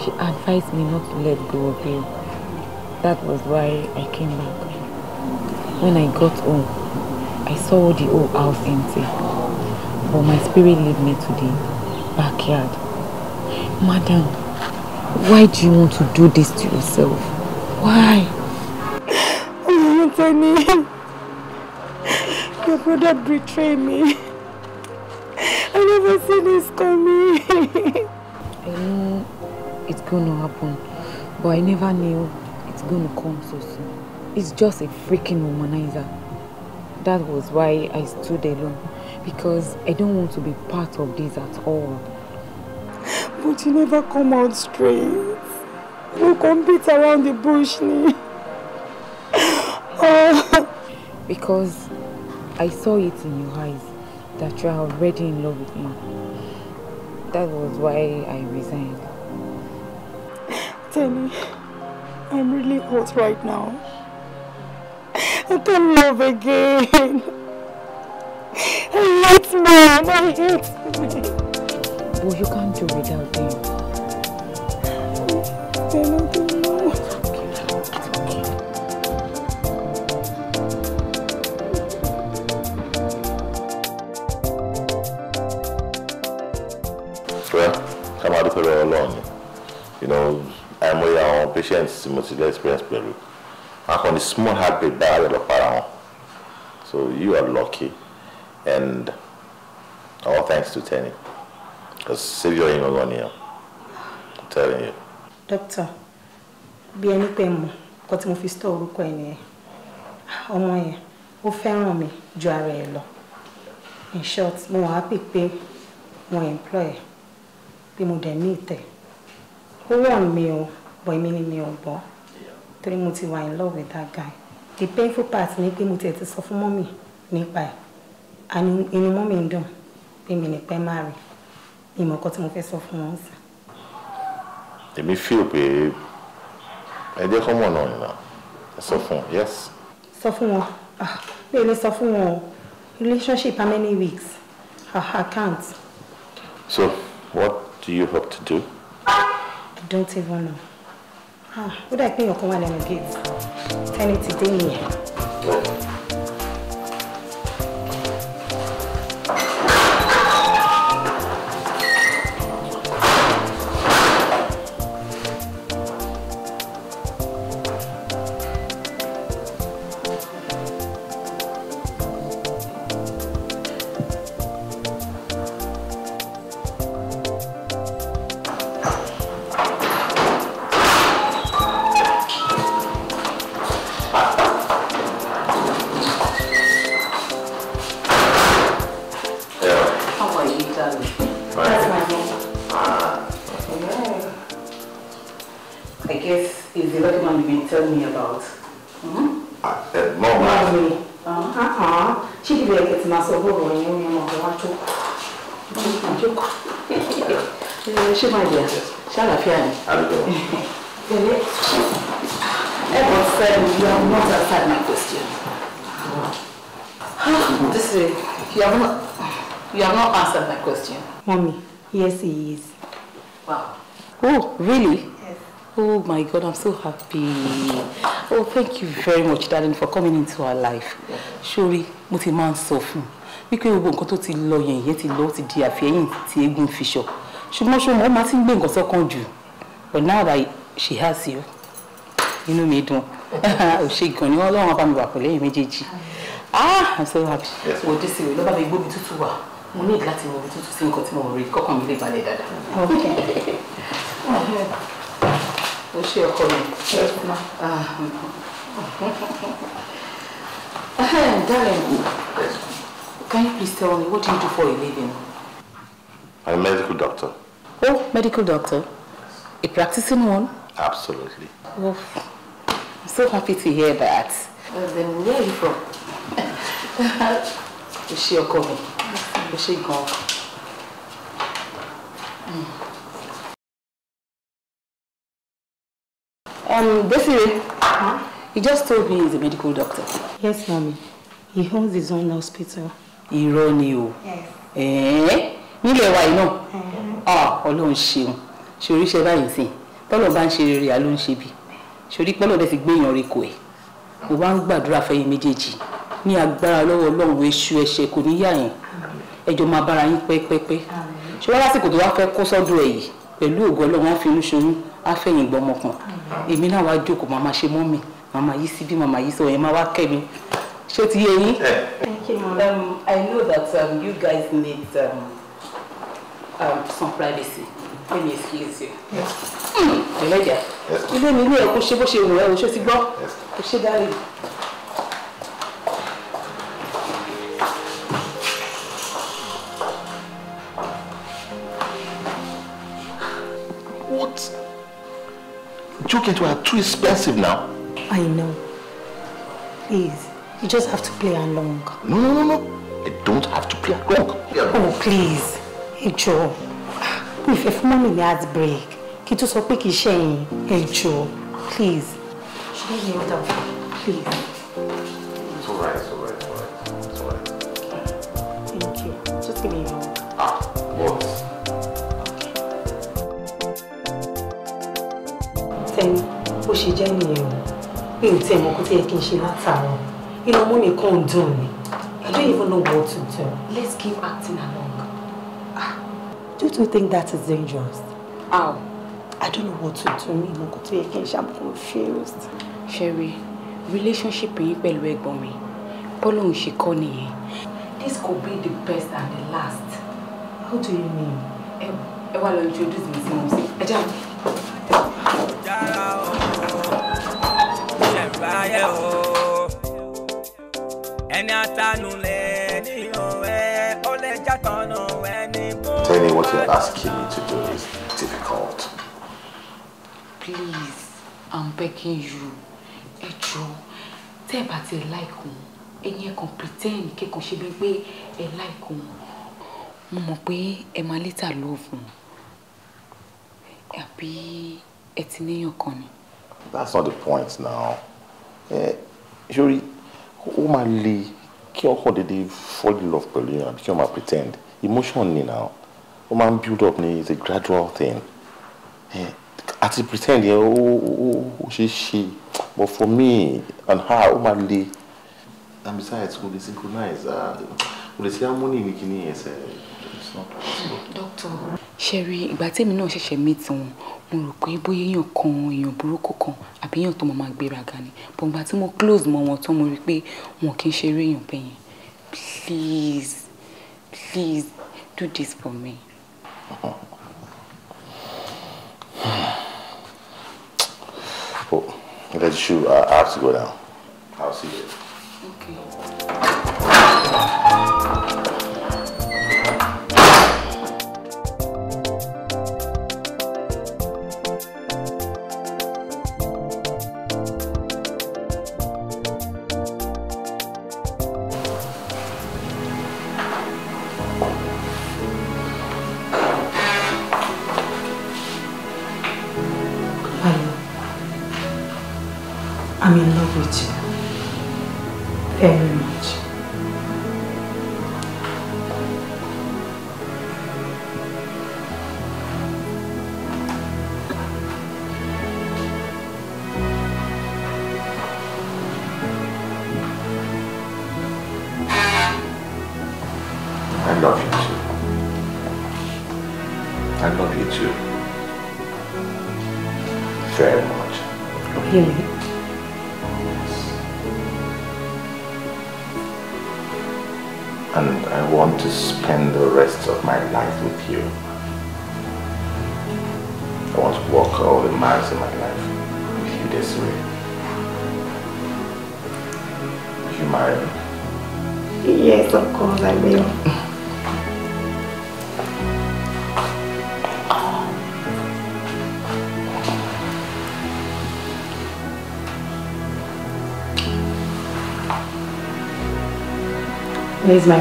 She advised me not to let go of him. That was why I came back. When I got home, I saw the old house empty. But my spirit led me to the backyard. Madam, why do you want to do this to yourself? Why? Anthony, (sighs) your brother betrayed me. happen. But I never knew it's going to come so soon. It's just a freaking womanizer. That was why I stood alone. Because I don't want to be part of this at all. But you never come out straight. You compete around the bush, ni. oh. (laughs) Because I saw it in your eyes that you are already in love with me. That was why I resigned. Tenny, I'm really hot right now. I can't love again. I hate man. I hate me. Well, you can't do without him. Then I don't know. Well, come out of the alone. You know, patients tí mo ti get experience pẹ̀lú akọni small heartbeat báyà rẹ̀ lọ para wọn so you are lucky and all thanks to Tenny because saviour yín gangan nìyẹn I'm telling you. doctor bí ẹni pé mo kọ́ tí mo fi store orúkọ ẹ̀ nìyẹn ọmọ yẹn ó fẹ́ràn mi ju ara ẹ̀ lọ in short mo wà happy pé mo employ pé mo dẹ̀ ní ìtẹ̀ ó wọ̀n mi o. Boy, èmi ni boy. ò gbọ́ torí mo in love with that guy the painful part ni pé mo tiẹ̀ ti sọ fún mọ́mì nípa ẹ̀ àní inú mọ́mì ń dùn pé mi ní pẹ́ máa rí ìmọ̀ kan tí mo fẹ́ sọ fún wọn sí. èmi fíò pé ẹ jẹ́ kọ́ mọ̀ yes. sọ fún wọn ah, mi ò lè relationship how many weeks Ah, I can't. so what do you hope to do? I don't even know. Would I pé èèyàn kan wà lẹ́nu géètì ẹni tí dé nìyẹn. Wow. Oh, really? Yes. Oh my God, I'm so happy. Oh, thank you very much, darling, for coming into our life. Surely, mo ti máa ń sọ fún un wípé to nǹkan tó ti lọ yẹn yẹn ti lọ ti di àfihàn ti eégún fiṣọ. Ṣùgbọ́n ṣé mo máa ti ń gbé nǹkan sọ́kàn jù? But now that she has you. Inú mi dùn. Ò (laughs) ṣe gan ni wọ́n lọ́wọ́ bá mi wà pẹ̀lú ẹ̀yìn Ah, I'm so happy. Yes. ó dé sí i, lọ́ba mi gbóbi tútù wà. mo ní láti sí tí mo rí mi lè balẹ̀ o ṣe ọkọ mi. Ah, darling can you please tell me what do you do for a living. I'm a medical doctor. Oh, medical doctor. A practicing one? Absolutely. Oh, I'm so happy to hear that. Well, then where are you from? Is (laughs) she ọkọ ó ṣe hmm. Um, Desiree, huh? you just told me he's a medical doctor. Yes, mommy. He owns his own hospital. Irọ́ ni o. Ẹ̀ẹ́ eh? nílé wa yìí náà. Eh. Ah, Ọlọ́run ṣeun. Ṣé oríṣẹ́ báyìí sìn? Tọ́lọ̀ bá ń ṣe rere she ló she ṣe bí. Ṣorí pọ́lọ̀ dẹ̀ ti gbé èèyàn rekò ẹ̀. Mo bá ń gbàdúrà fẹ́yìn méjèèjì. Ní agbára lọ́wọ́ Ọlọ́run eṣu ẹ̀ṣẹ̀ kò ní yà yẹn ẹjọ́ máa bára yín pẹ́pẹ́pẹ́ ṣùgbọ́n lásìkò tó wá fẹ́ kó sọ́dọ̀ ẹ̀ pẹ̀lú ògo ọlọ́run á ṣoyún á fẹ̀yìn èmi náà wá jókòó màmá ṣe mọ́ mi màmá yìí sí bí màmá yìí sọ yẹn máa wá kẹ́ mi ṣé ti yé yín. Eh. Um, I know that um, you guys need um, um, some privacy. Let me excuse you. Hmm. Ẹlẹ́jà, ilé mi ní ẹ̀kú ṣe bó ṣe wù ẹ́ o, ṣé ti gbọ́? Kò ṣe dárí. Jokate, we are too expensive now. I know. Please, you just have to play along. No, no, no, no. I don't have to play along. Oh, please. Ẹ jọ̀ọ́. Mi fẹ́ fún mọ́mì ní heart break. Kí tó sọ pé kì í ṣe Please. She yẹ ọ́ dà? Please. It's all right. ṣe jẹ́ nìyẹn o mi ò tiẹ̀ mọ kó tí yẹ kí n ṣe látàárọ̀ inú ọmọ mi kàn ń dùn ni I don't even know what to do. Let's keep acting along. Ah, don't you think that is dangerous? How? I don't know what to do mi mọ kó tí yẹ kí n ṣe I'm confused. Sherry, relationship yìí pẹ̀lú ẹ̀gbọ́n mi bọ́lọ́hún ṣe kọ́ nìyẹn. This could be the best and the last. How do you mean? Ẹ wá lọ introduce me sí wọn sí. Ẹ jẹ́ àwọn. fàyè o ẹni àtànù lẹ ní òwe ó lè jàtọ̀nù ẹni bó. Tell me what you're asking me to do is difficult. Please, I'm begging you ẹ jọ̀ọ́ tẹ́ ẹ bá ti like wọn ẹ̀yin ẹ kàn pretend kẹ́kọ̀ọ́ ṣe bí pé ẹ like wọn mo mọ̀ pé ẹ máa létà lóòfù àbí ẹ ti níyàn kan ni. That's not the point now sori ó máa le kí ọkọ dédé fall in love pẹ̀lú yẹn àbí kí wọ́n máa pretend emotion ni na ó máa build up ni it's a gradual thing àti pretend yẹn ó ó ó ṣe ṣe but for me and her ó máa le and besides kò lè synchronize kò lè sí harmony ní kíní yẹn Doctor, ṣẹ̀rí ìgbà tèmi náà ṣẹ̀ṣẹ̀ mí tiwọn mo rò pé bóyá èèyàn kan èèyàn burúkú kan àbí èèyàn tó máa máa gbéraga ni but ìgbà tí mo close mọ́ wọn tán mo rí i pé wọn kì í ṣe eré èèyàn bẹ́ẹ̀ yẹn please please do this for me. Oh, that's true. I have to go now. I'll see you. Okay. Please, my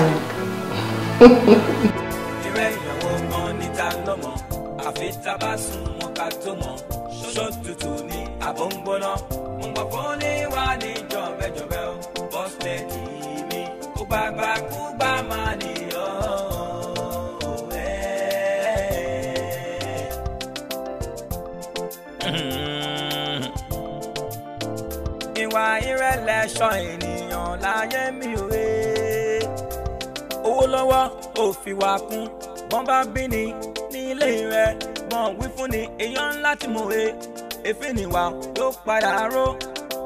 àrò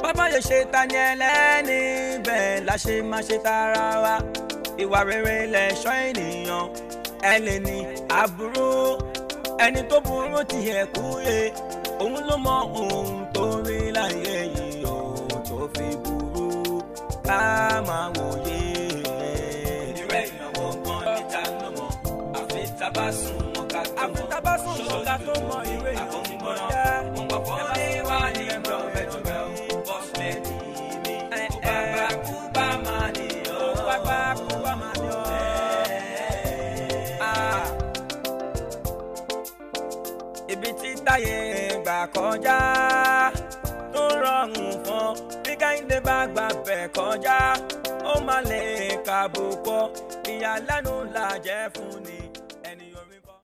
bàbá yóò ṣe tayẹn lẹ́ni bẹ́ẹ̀ la ṣe máa ṣe tara wa ìwà rere lẹ̀ṣọ́ ènìyàn ẹni ní aburú ẹni tó burú tiẹ̀ kúrè òun ló mọ òun kọjá tó rọrùn fún bí káyìndé bá gbà bẹ̀ kọjá ó má lè kàbùkọ ìyàlẹ́nu